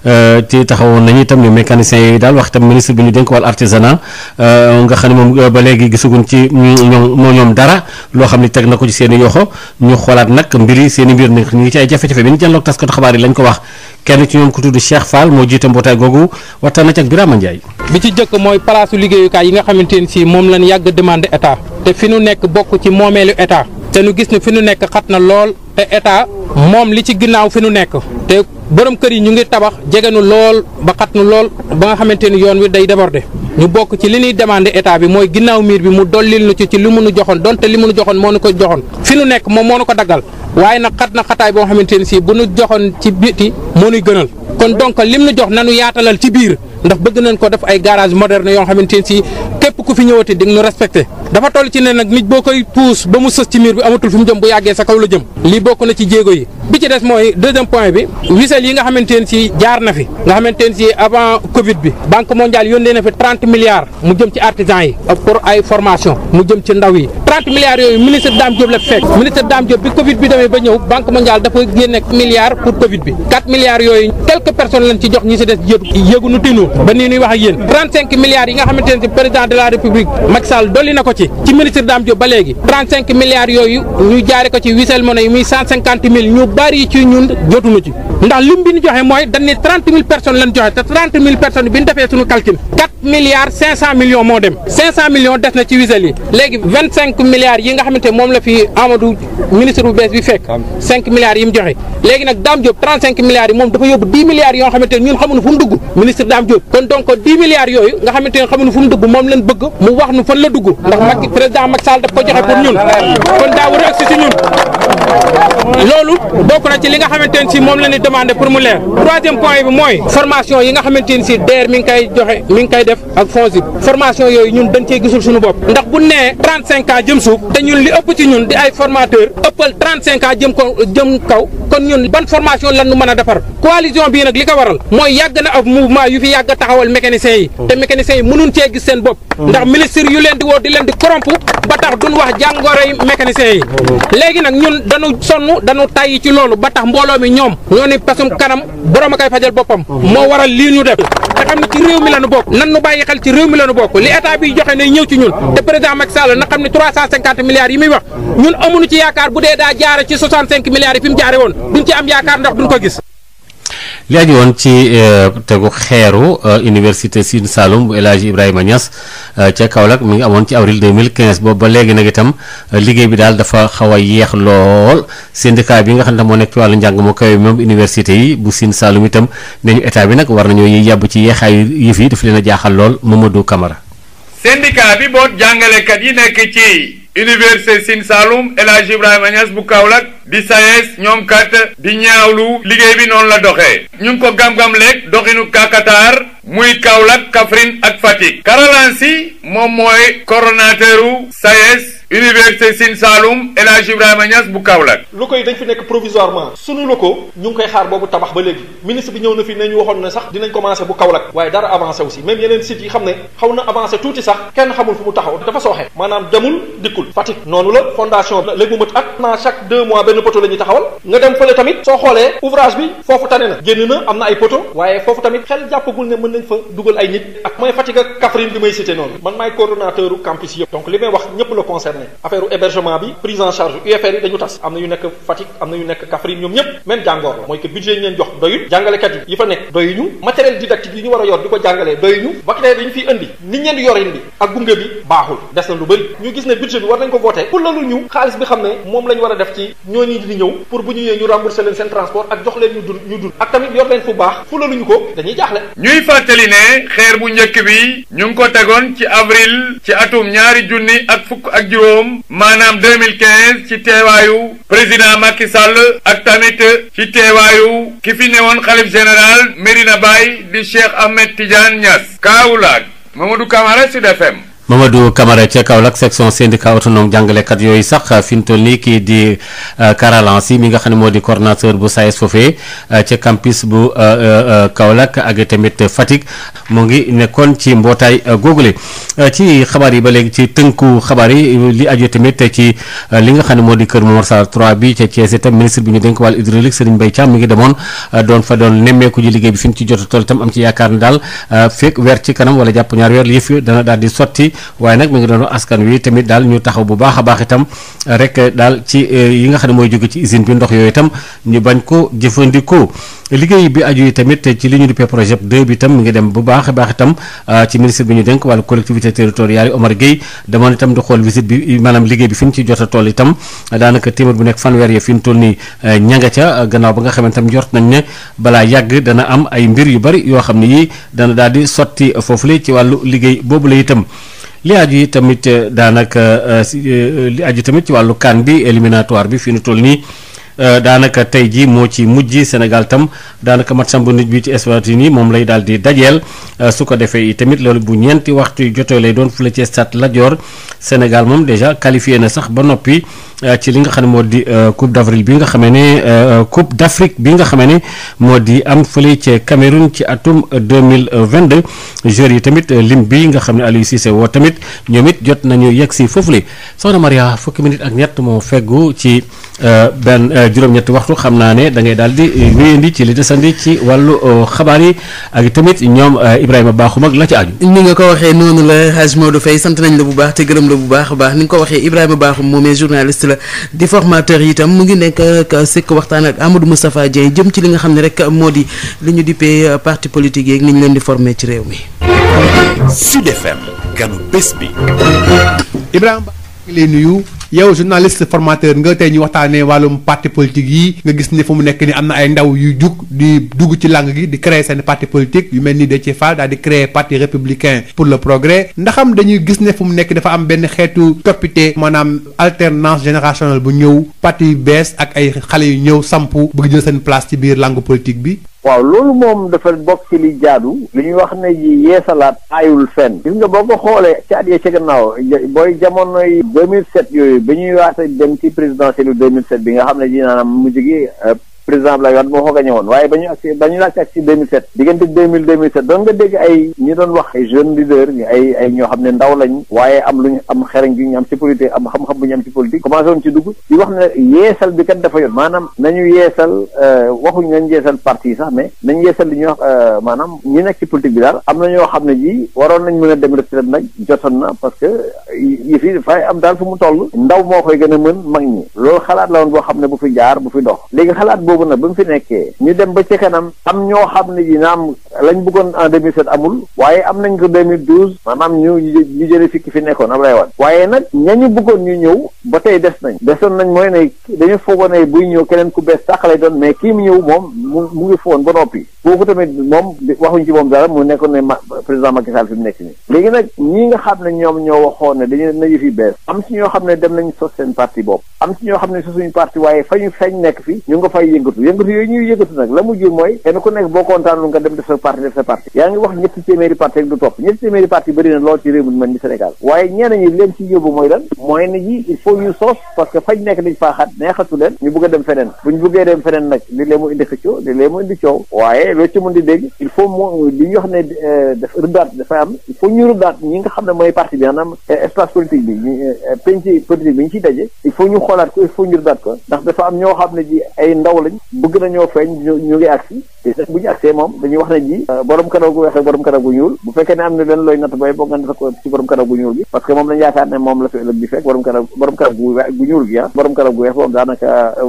Euh, te taxawoon nañu itam ne mécaniciens yooyu daal wax itam ministre bi ñu dénk wàllu artisanat euh, nga xam ne moom euh, ba léegi gisaguñ ci ñoom moo ñoom dara loo xam ne teg na ko ci seen i yoxo ñu xoolaat nag mbiri seen mbir nag ñu ci ay jafe-jafe bi ñu jàlloog taskatu xabaar yi lañ ko wax kenn ci ñoom ku tudd Cheikh Fall moo jiite mbootaay googu waxtaan na ci ak Birama Ndiaye. bi ci njëkk mooy palaasu liggéeyukaay yi nga xamante ne si moom lañu yàgg demande état te fi nu nekk bokk ci moomeelu état te nu gis ne fi nu nekk xat na lool te état moom li ci ginnaaw fi nu nekk te borom kër yi ñu ngi tabax jege nu lool ba xat nu lool ba nga xamante ni yoon wi day déborder ñu bokk ci li ñuy demandé état bi mooy ginnaaw miir bi mu dollil nu ci ci li mu nu joxoon donte li mu nu joxoon moo nu ko joxoon fi nu nekk moom moo nu ko daggal waaye nag xat na xataay boo xamante ni si bu nu joxoon ci biti moo nuy gënal kon donc lim nu jox na nanu yaatalal ci biir ndax bëgg nañ ko def ay garage moderne yoo xamante ni si képp ku fi ñëwatee di nu respecté dafa toll ci ne nag nit boo koy puus ba mu sës ci miir bi amatul fu mu jëm bu yàggee sa kaw la jëm lii bokk na ci jéego yi bi ci des mooy point bi wisel yi nga xamante ne jaar na fi nga xamante ne avant covid bi banque mondiale yónnee na fi trente milliards mu jëm ci artisans yi pour ay formation mu jëm ci ndaw yi trente milliards yooyu ministre Dame Diop la fekk ministre Dame Diop bi covid bi demee ba ñëw banque de la république Macky yooyu ñu jaare ko ci wisel mono yi muy ñu bari ci ñun jotuñu ci ndax lim bi ñu joxe mooy dañ ne 30 mille personnes joxe te 30 bi ñu defee suñu calcul 4 milliards moo dem 500 des na ci wisel yi léegi 25 yi nga xamante moom la fi Amadou ministre bu bees bi fekk 5 yi mu joxe léegi nag Dame Diop 35 yi moom dafa yóbbu 10 yoo xamante ñun xamuñu fu mu dugg ministre Dame Diop kon donc 10 lan bëgg mu wax nu fan la dugg ndax Macky président Macky Sall daf ko joxe pour ñun kon daa war a si ñun loolu bokk na ci li nga xamante ne si moom la demande demandé pour mu leer troisième point bi mooy formation yi nga xamante ne si DER mi ngi koy joxe mi ngi koy def ak fonds yi formation yooyu ñun dañ cee gisul sunu bopp ndax bu nee trente cinq ans jëm suuf te ñun li ëpp ci ñun di ay formateur ëppal trente cinq ans jëm ko jëm kaw kon ñun ban formation lan nu mën a defar coalition bii nag li ko mooy yàgg na ab yàgg taxawal mécanicien yi te mécanicien yi mënuñ cee bopp ndax ministre yu leen di woo di leen di corrompre ba tax duñ wax jàngoroy mécaniciens yi léegi nag ñun dañu sonn dañu tàyyi ci loolu ba tax mbooloo ñoom ñoo ni pesum kanam borom a koy fajal boppam moo waral lii ñu def te xam ne ci réew mi la ñu bokk nan nu bàyyi xel ci réew mi la ñu li état bi joxe nay ñëw ci ñun te président Macky Sall na xam ne trois yi muy wax ñun amuñu ci yaakaar bu dee daa jaare ci soixante cinq milliards yi fi jaare woon duñ ci am yaakaar ndax ko gis li aju woon ci eh, tegu xeeru eh, université Sine Saloum bu El Hadj Ibrahima Niass eh, ca Kaolack mu ngi amoon ci avril 2015 boobu ba léegi nag itam liggéey bi daal dafa xaw a yeex lool syndicat bi nga xam ne moo nekk ci wàllu njàng mu kawe moom université yi bu Sine saalum itam ne ñu état bi nag war na ñoo nañoo yàbb ci yeexaayu yëf yi daf leen a jaaxal lool Mamadou Camara syndicat bi boot jàngalekat yi nekk ci université Sine Saloum El Hadj Ibrahima bu Kaolack di SAES ñoom kat di ñaawlu liggéey bi noonu la doxe ñu ngi ko gam-gam leeg doxinu kakataar muy Kaolack Kaffrine ak Fatick Karalansi moom mooy coordonnateur u SAES université Sine Saloum El Hadj Ibrahima Niass bu Kaolack. locaux yi dañ fi nekk provisoirement. sunu locaux ñu ngi koy xaar boobu tabax ba léegi ministre bi ñëw na fi ne ñu waxoon na sax dinañ commencé bu Kaolack. waaye dara avancé aussi même yeneen sites yi xam ne xaw na avancé tuuti sax kenn xamul fu mu taxaw dafa sooxe. maanaam demul dikkul Fatick. noonu la fondation bi léegi mu mët at naa chaque deux mois benn poto la ñuy taxawal nga dem fële tamit soo xoolee ouvrage bi foofu tane na génn na am na ay poto waaye foofu tamit xel jàppagul ne mën nañ fa dugal ay nit ak mooy concerné affaire hébergement bi prise en charge UFR yi dañu tas am na yu nekk Fatick am na yu nekk Kaffrine ñoom ñëpp même jàngoor la mooy que budget yi jox doyul jàngalekat yi yi fa nekk doyuñu matériel didactique yi ñu war a yor di ko jàngalee doyuñu vacataire yi ñu fiy indi nit ñeen di yorin ak gunge bi baaxul des na lu bëri ñu gis ne budget bi war nañ ko voté pour lalu ñu xaalis bi xam ne moom lañ war a def ci ñooñu di ñëw pour bu ñu ñëwee ñu rembourser juróom maanaam 2015 ci teewaayu président Macky Sall ak tamit ci teewaayu ki fi ne newoon xalif général Medina Baye di Cheikh Ahmed Tidiane Niass Kaolack Mamadou Camara Sud FM Mamadou Camara ca Kaolack section syndicat autonome jàngalekat yooyu sax euh, fi mu toll nii kii di euh, Karalansi mi nga xam ne moo di coordonnateur bu SAES foofee euh, ca campus bu Kaolack ak tamit Fatick mu ngi nekkoon ci mbootaay googule ci xabaar yi ba léegi ci tënku xabaar yi li aju tamit ci li nga xam ne moo di kër Momar Sarr 3 bi ca Thiès itam ministre bi ñu dénk wàllu hydraulique Serigne Mbaye Thiam mi ngi demoon doon fa doon nemmeeku ji liggéey bi fi mu ci jot a toll ci yaakaar ne daal fekk weer ci kanam wala jàpp ñaar weer yëf dana daal di sotti waaye nag mu ngi doon askan wii tamit daal ñu taxaw bu baax a baax itam eh, rek eh, daal ci eh, yi nga xam ne mooy jóge ci usine bi ndox yooyu itam ñu bañ ko jëfandikoo liggéey bi aju yi tamit ci li ñu duppee projet 2 bi itam mu ngi dem bu baax a baax itam ci ministre bi ñu denk wàllu collectivité territoriale yi Omar Gueye demoon itam di xool visite bi maanaam liggéey bi fi ñu ci jot a toll itam daanaka téeméer bu nekk fanweer ya fi ñu toll nii ñanga ca gannaaw ba nga xamante tam jort nañ ne balaa yàgg dana am ay mbir yu bari yoo xam ne yii dana daal di sotti foofule ci wàllu liggéey boobu la itam li aju tamit eh, daanaka eh, eh, li aju tamit ci wàllu kan bi éliminatoire bi fi ñu toll nii. Euh, daanaka tey ji moo ci mujj Sénégal tam daanaka matcham bu nit bi ci Eswatini moom lay daal di dajeel euh, su ko defee yi tamit loolu bu ñeenti waxtu jotee lay doon fële ci stade Lat Dior Sénégal moom déjà qualifié na sax ba noppi euh, ci li nga xam ne moo di coupe d'avril bi nga xamee ne coupe d'Afrique bi nga xamee ne moo di am fële ci Cameroun ci atum mille vingt 2022 joueurs yi tamit lim bi nga xam ne Aliou Cissé woo tamit ñoom it jot nañu yegg si foofule soxna Maria fukki minutes ak ñett moo feggu ci Euh, benn euh, juróom-ñetti waxtu xam naa ne da ngay daal di euh, wéyandi ci li desandi ci wàllu xabaar yi ak tamit ñoom Ibrahima Bakhoum ak la ci aju. ni nga ko waxee noonu la Hadj Maodo Faye sant nañ la bu baax te gërëm la bu baax baax ni nga ko waxee Ibrahima Bakhoum moomee journaliste la di formateur yi itam mu ngi nekk sekk waxtaan ak Amadou Moustapha Dieng jëm ci li nga xam ne rek moo di li ñu di dippee parti politique yeeg ni ñu leen di formé ci réew mi. Sud FM ganu bés bi. yow journaliste formateur nga tey ñu waxtaanee wàllum parti politique yi nga gis ne fu mu nekk ni am na ay ndaw yu jug di dugg ci làng gi di créer seen parti politique yu mel ni Déthié Fall daal di créer parti républicain pour le progrès ndaxam dañuy gis ne fu mu nekk dafa am benn xeetu coppite maanaam alternance générationnelle bu ñëw parti yu bees ak ay xale yu ñëw samp bëgg jël seen place ci biir langu politique bi waaw loolu moom dafa bokk ci li jaadu li ñuy wax ne ji yeesalaat aayul fenn gis nga boo ko xoolee ci at yee ci gannaaw booy jamonoy 2007 yooyu ba ñuy waata dem ci présidentielle 2007 bi nga xam ne ji naanaam mujj gi euh, président Abdoulaye Wade moo ko gañe woon waaye ba ñu agsi ba ñu laajte agsi 2007 diggante 2000 2007 doon nga dégg ay ñi doon wax ay jeune leader ñu ay ñoo xam ne ndaw lañ waaye am lu ñu am xereñ gi ñu am ci politique am xam-xam bu ñu am ci politique commencé woon ci dugg di wax ne yeesal bi kat dafa yoon maanaam nañu euh, mais nañ yeesal li ñuy wax euh, maanaam ñi nekk ci politique bi daal am na ñoo xam ne ji waroon nañ mën a dem retraite nag jotoon na parce que yëf yi dafay am daal fu mu toll ndaw moo koy gën a mën mag ñi loolu xalaat la boo xam ne bu fi jaar bu fi dox boobu nag bi mu fi nekkee ñu dem ba ci am ñoo xam ne ji am ko 2012 ñu ñu jële fi nekkoon Ablaye Wade waaye nag ñu ñëw ba tey des nañ desoon nañ mooy ne dañu foogoon ne buy ñëw ku bees sàq lay doon mais kii mu ñëw ba noppi kooku tamit moom waxuñ ci moom dara nekkoon ne président Macky Sall fi mu nekk nii léegi nag ñoo waxoon ne dañu fi bees am si ñoo xam ne dem nañ sos seen parti bopp am si ñoo xam ne sosuñu parti waaye fa ñu feeñ nekk fi ñu nga fay yëngatu yëngatu nag la mu jur mooy kenn ku nekk boo kontaanul nga dem def sa parti def sa parti yaa ngi wax ñetti téeméeri parti rek du topp ñetti téeméeri parti bëri na lool ci réew mi ni Sénégal waaye ñenn ñi leen ci yóbbu mooy lan mooy ne ji il faut ñu soos parce que fañ nekk dañ faa xat neexatu leen ñu bëgg dem feneen buñ bëggee dem feneen nag li lee mu indi xëccoo li lee mu indi coow waaye loo ci mën di dégg il faut mu li ñu wax ne euh, daf lañ bëgg nañoo feeñ ñu ñu ngi agsi te agsee moom dañuy wax ne ji euh, borom karaw gu weex ak borom karaw gu ñuul bu fekkee ne am na leen looy natt boobu daanaka euh,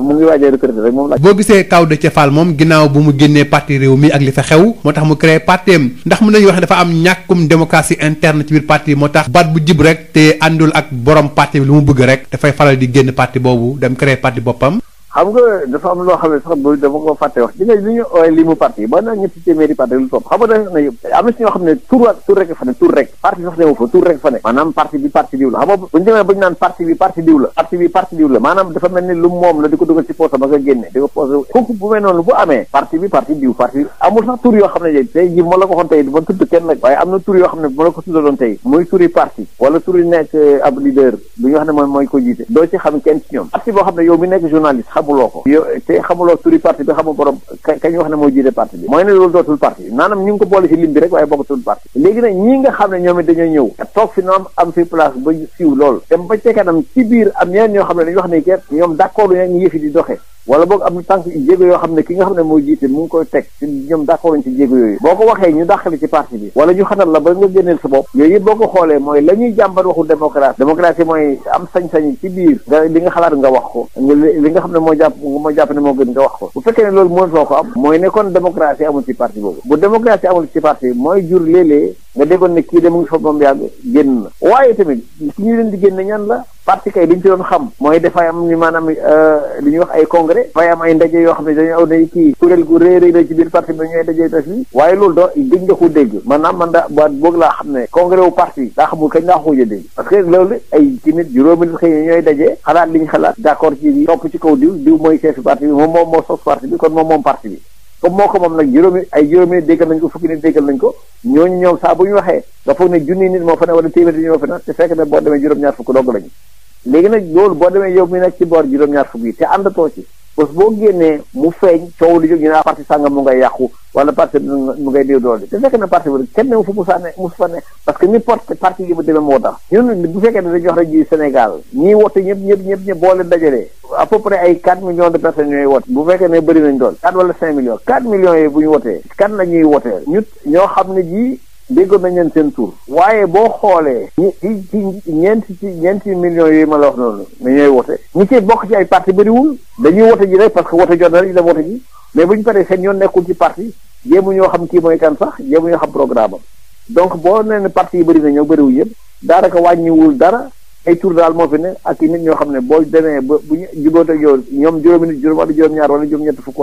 mu ngi dafa am ñàkkum démocratie interne ci biir parti moo tax baat bu jib rek te àndul ak borom parti lu mu bëgg rek dafay faral di génn parti boobu dem créé parti boppam xam nga dafa am loo xam ne sax bu dama ko fàtte wax di nga li ñu ooy li mu parti ba na ñetti téeméeri parti lu topp xam nga da na yëpp am na si ñoo xam ne tur ak tur rek fa ne tur rek parti sax demoo fa tur rek fa ne maanaam parti bi parti diw la xam nga buñu demee ba ñu naan parti bi parti diw la parti bi parti diw la maanaam dafa mel ni lu moom la di ko dugal ci poosam ak a génne di ko poos kooku bu mel noonu bu amee parti bi parti diw parti amul sax tur yoo xam ne tey ji moo la ko waxoon tey du ma tudd kenn nag waaye am na tur yoo xam ne moo la ko tuddaloon tey muy turi parti wala turi nekk ab leader bu ñu wax ne mooy mooy ko jiite doo ci xam kenn ci ñoom parti boo xam ne yow mi nekk journaliste xamuloo ko yow te xamuloo turi parti bi xamul borom kañ wax ne moo jiite parti bi mooy ne loolu dootul parti maanaam ñu ngi ko boole ci lim bi rek waaye bokkatul parti léegi nag ñii nga xam ne ñoom dañoo ñëw toog fi noom am fi place ba siiw lool dem ba kanam ci biir am ñeneen ñoo xam ne dañu wax ne kat ñoom d'accord ñu yëfi di doxee wala boog am na tànk yoo xam ne ki nga xam ne mooy jiite mu ngi koy teg ci ñoom d'accord ci jéego yooyu boo ko waxee ñu dàqali ci parti bi wala ñu xatal la ba nga génneel sa bopp yooyu yëpp boo ko xoolee mooy la ñuy jàmbat waxu démocratie démocratie mooy am sañ-sañ ci biir nga li nga xalaat nga wax ko li nga xam ne moo jàpp moo jàpp ne moo gën nga wax ko bu fekkee ne loolu mënatoo ko am mooy ne kon démocratie amul ci parti boobu bu démocratie mooy jur léeg-léeg nga déggoon ne kii waaye tamit di génne ñan la parti kay liñ ci doon xam mooy dafay am ni maanaam euh, li ñuy wax ay congrès dafay am ay ndaje yoo xam ne dañoo aw na kii kuréel gu rëy rëy la ci biir parti bi ñooy dajee def yi waaye loolu doo gëj nga ko dégg maanaam man da ba boog laa xam ne congrès wu parti daa xamul kañ laa xuuja dégg parce que loolu ay ci nit juróomi nit xëy na ñooy dajee xalaat li ñu xalaat d'accord ci topp ci kaw diw diw mooy chef parti bi moom moom moo sos parti bi kon moom moom parti bi comme moo ko moom nag juróomi ay juróomi nit déggal nañ ko fukki nit déggal nañ ko ñooñu ñoom saa bu ñu waxee nga foog ne junni nit moo fa ne wala téeméeri nit moo fa ne fekk na boo demee juróom-ñaar fukk dogg lañu léegi nag loolu boo demee yow mi nekk ci boor juróom-ñaar fukk yi te àndatoo ci bés boo génnee mu feeñ coow li jóg ñu naa ah, parti sàngam mu ngay yàqu wala parti mu ngay néew doole te fekk na parti bi ne mu sànne mu fa ne parce que ni porte parti yi ba demee moo tax ñun bu fekkee ne dañuy wax rek ji Sénégal ñii wote ñëpp ñëpp ñëpp ñëpp boo leen dajalee à peu ay 4 millions de personnes ñooy wote bu fekkee ne bëri nañ dool 4 wala 5 millions 4 millions yi bu wotee kan la wotee ñut ñoo xam ne ji déggoon nañ leen seen tur waaye boo xoolee ñi ci ci ñeenti ci ñeenti millions yooyu ma la wax noonu na ñooy wote ñi ci bokk ci ay parti bëriwul dañuy wote ji rek parce que wote jot na rek ñu dem wote ji mais bu ñu paree seen yoon nekkul ci parti jéemu ñoo xam kii mooy kan sax jéemu ñoo xam programme am donc boo nee ne parti yi bëri na ñoo bëriwul yëpp daanaka wàññiwul dara ay tur daal moo fi ne ak nit ñoo xam ne boo demee ba bu ñu jubóot ak yow ñoom juróomi nit ñaar wala juróom-ñett fukk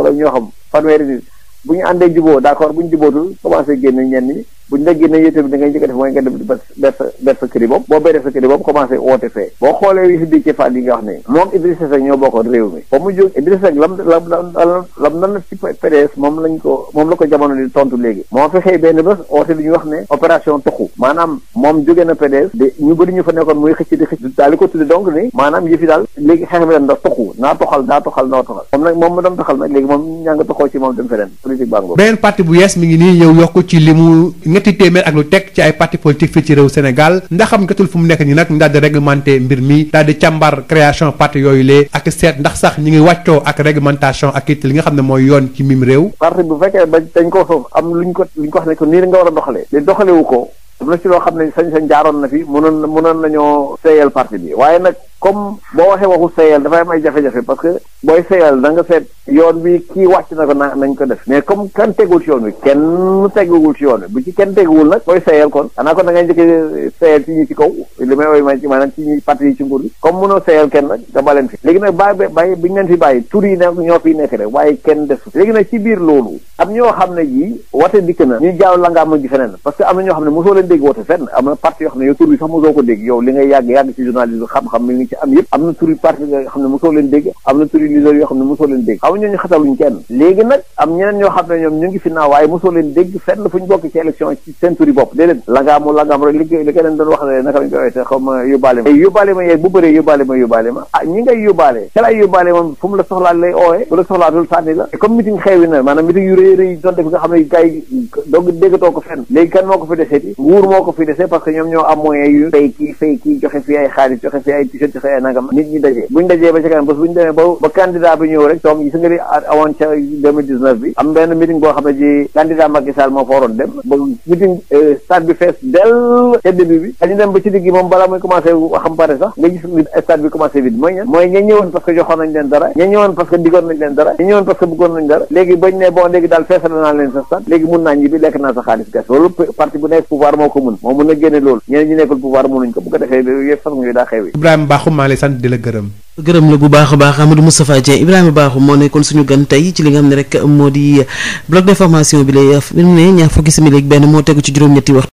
ñu àndee jubóo d'accord bu ñu jubóotul commencé génne ñenn ñi buñ la génnee yow tamit da ngay njëkk a def mooy nga dem di benn bés bu yees mi ngi nii ñëw yokk ci limu ñetti téeméer ak lu teg ci ay parti politique fii ci réew Sénégal ndax xam jotul fu mu nekk nii nag ñu di réglementé mbir mi daal càmbar création parti yooyu lee ak seet ndax sax ñi ngi wàccoo ak réglementation ak it li nga xam ne mooy yoon ci mim réew. parti bu fekkee ba dañ koo soof am luñ ko luñ ko wax ne ko nii nga war a doxalee. li doxalewu ko. am na ci loo xam ne sañ-sañ jaaroon na fi mënoon mënoon nañoo seeyal parti bi waaye nag comme boo waxee waxu seeyal dafay am ay jafe-jafe parce que booy seeyal da seet yoon bi kii wàcc na ko na nañ ko def mais comme kan tegul ci yoon bi kenn yoon bi kenn tegagul nag booy seeyal kon xanaa kon da ngay njëkk kenn nag nga baleen fi léegi xam ne ji wate dikk na ñu jaaw la nga am ji feneen parce que am na ñoo xam ne mosoo leen dégg wate fenn am na parti yoo xam ne yow tur bi sax ko dégg yow li ngay yàgg yàgg ci journalisme xam-xam yi ci am yëpp am na turi parti yoo xam ne mosoo leen dégg am na turi leader yoo xam ne mosoo leen dégg xam ñooñu xataluñ kenn léegi nag am ñeneen ñoo xam ne ñoom ñu ngi fi naa waaye mosoo leen dégg fenn fu ñu bokk ci élection ci seen turi bopp déedéet langaamu langaam rek li li keneen doon wax ne naka lañ koy waxee xaw ma yóbbaale ma yóbbaale ma yeeg bu bëree yóbbaale ma yóbbaale ma ah ñi ngay yóbbaale ca lay yóbbaale moom fu mu la soxlaa lay oowe bu la soxlaatul sànni la comme meeting xeewi na maanaam meeting yu rëy rëy doon def nga xam ne gars yi dog déggatoo ko fenn léegi kan moo ko fi desee nguur moo ko fi desee parce que ñoom ñoo am moyen yu fay kii fay kii joxe fi ay xaalis joxe fi ay t-shirt ci nit ñi dajee buñ dajee ba ci bi ñëw rek toog bi am benn meeting boo xam ne ci candidat Macky Sall moo fa dem ba meeting euh, stade bi fees dell ca début bi dañu dem ba ci digg moom balaa muy commencé xam pare sax nga gis stade bi commencé mooy ñan mooy ña ñëwoon parce que joxoon nañ leen dara ña parce que digoon nañ leen dara ña parce que bëggoon nañ dara léegi bañ ne bon léegi daal feesal naa leen sa stade léegi mun naa ñibbi lekk Bakhoum maa lay sant di la gërëm. gërëm la bu baax a baax Amadou Moustapha Dieng Ibrahima Bakhoum moo nekkoon suñu gan tey ci li nga xam ne rek moo di bloc d'information bi lay fi mu ne ñaar fukki simili benn moo tegu ci juróom-ñetti waxtu.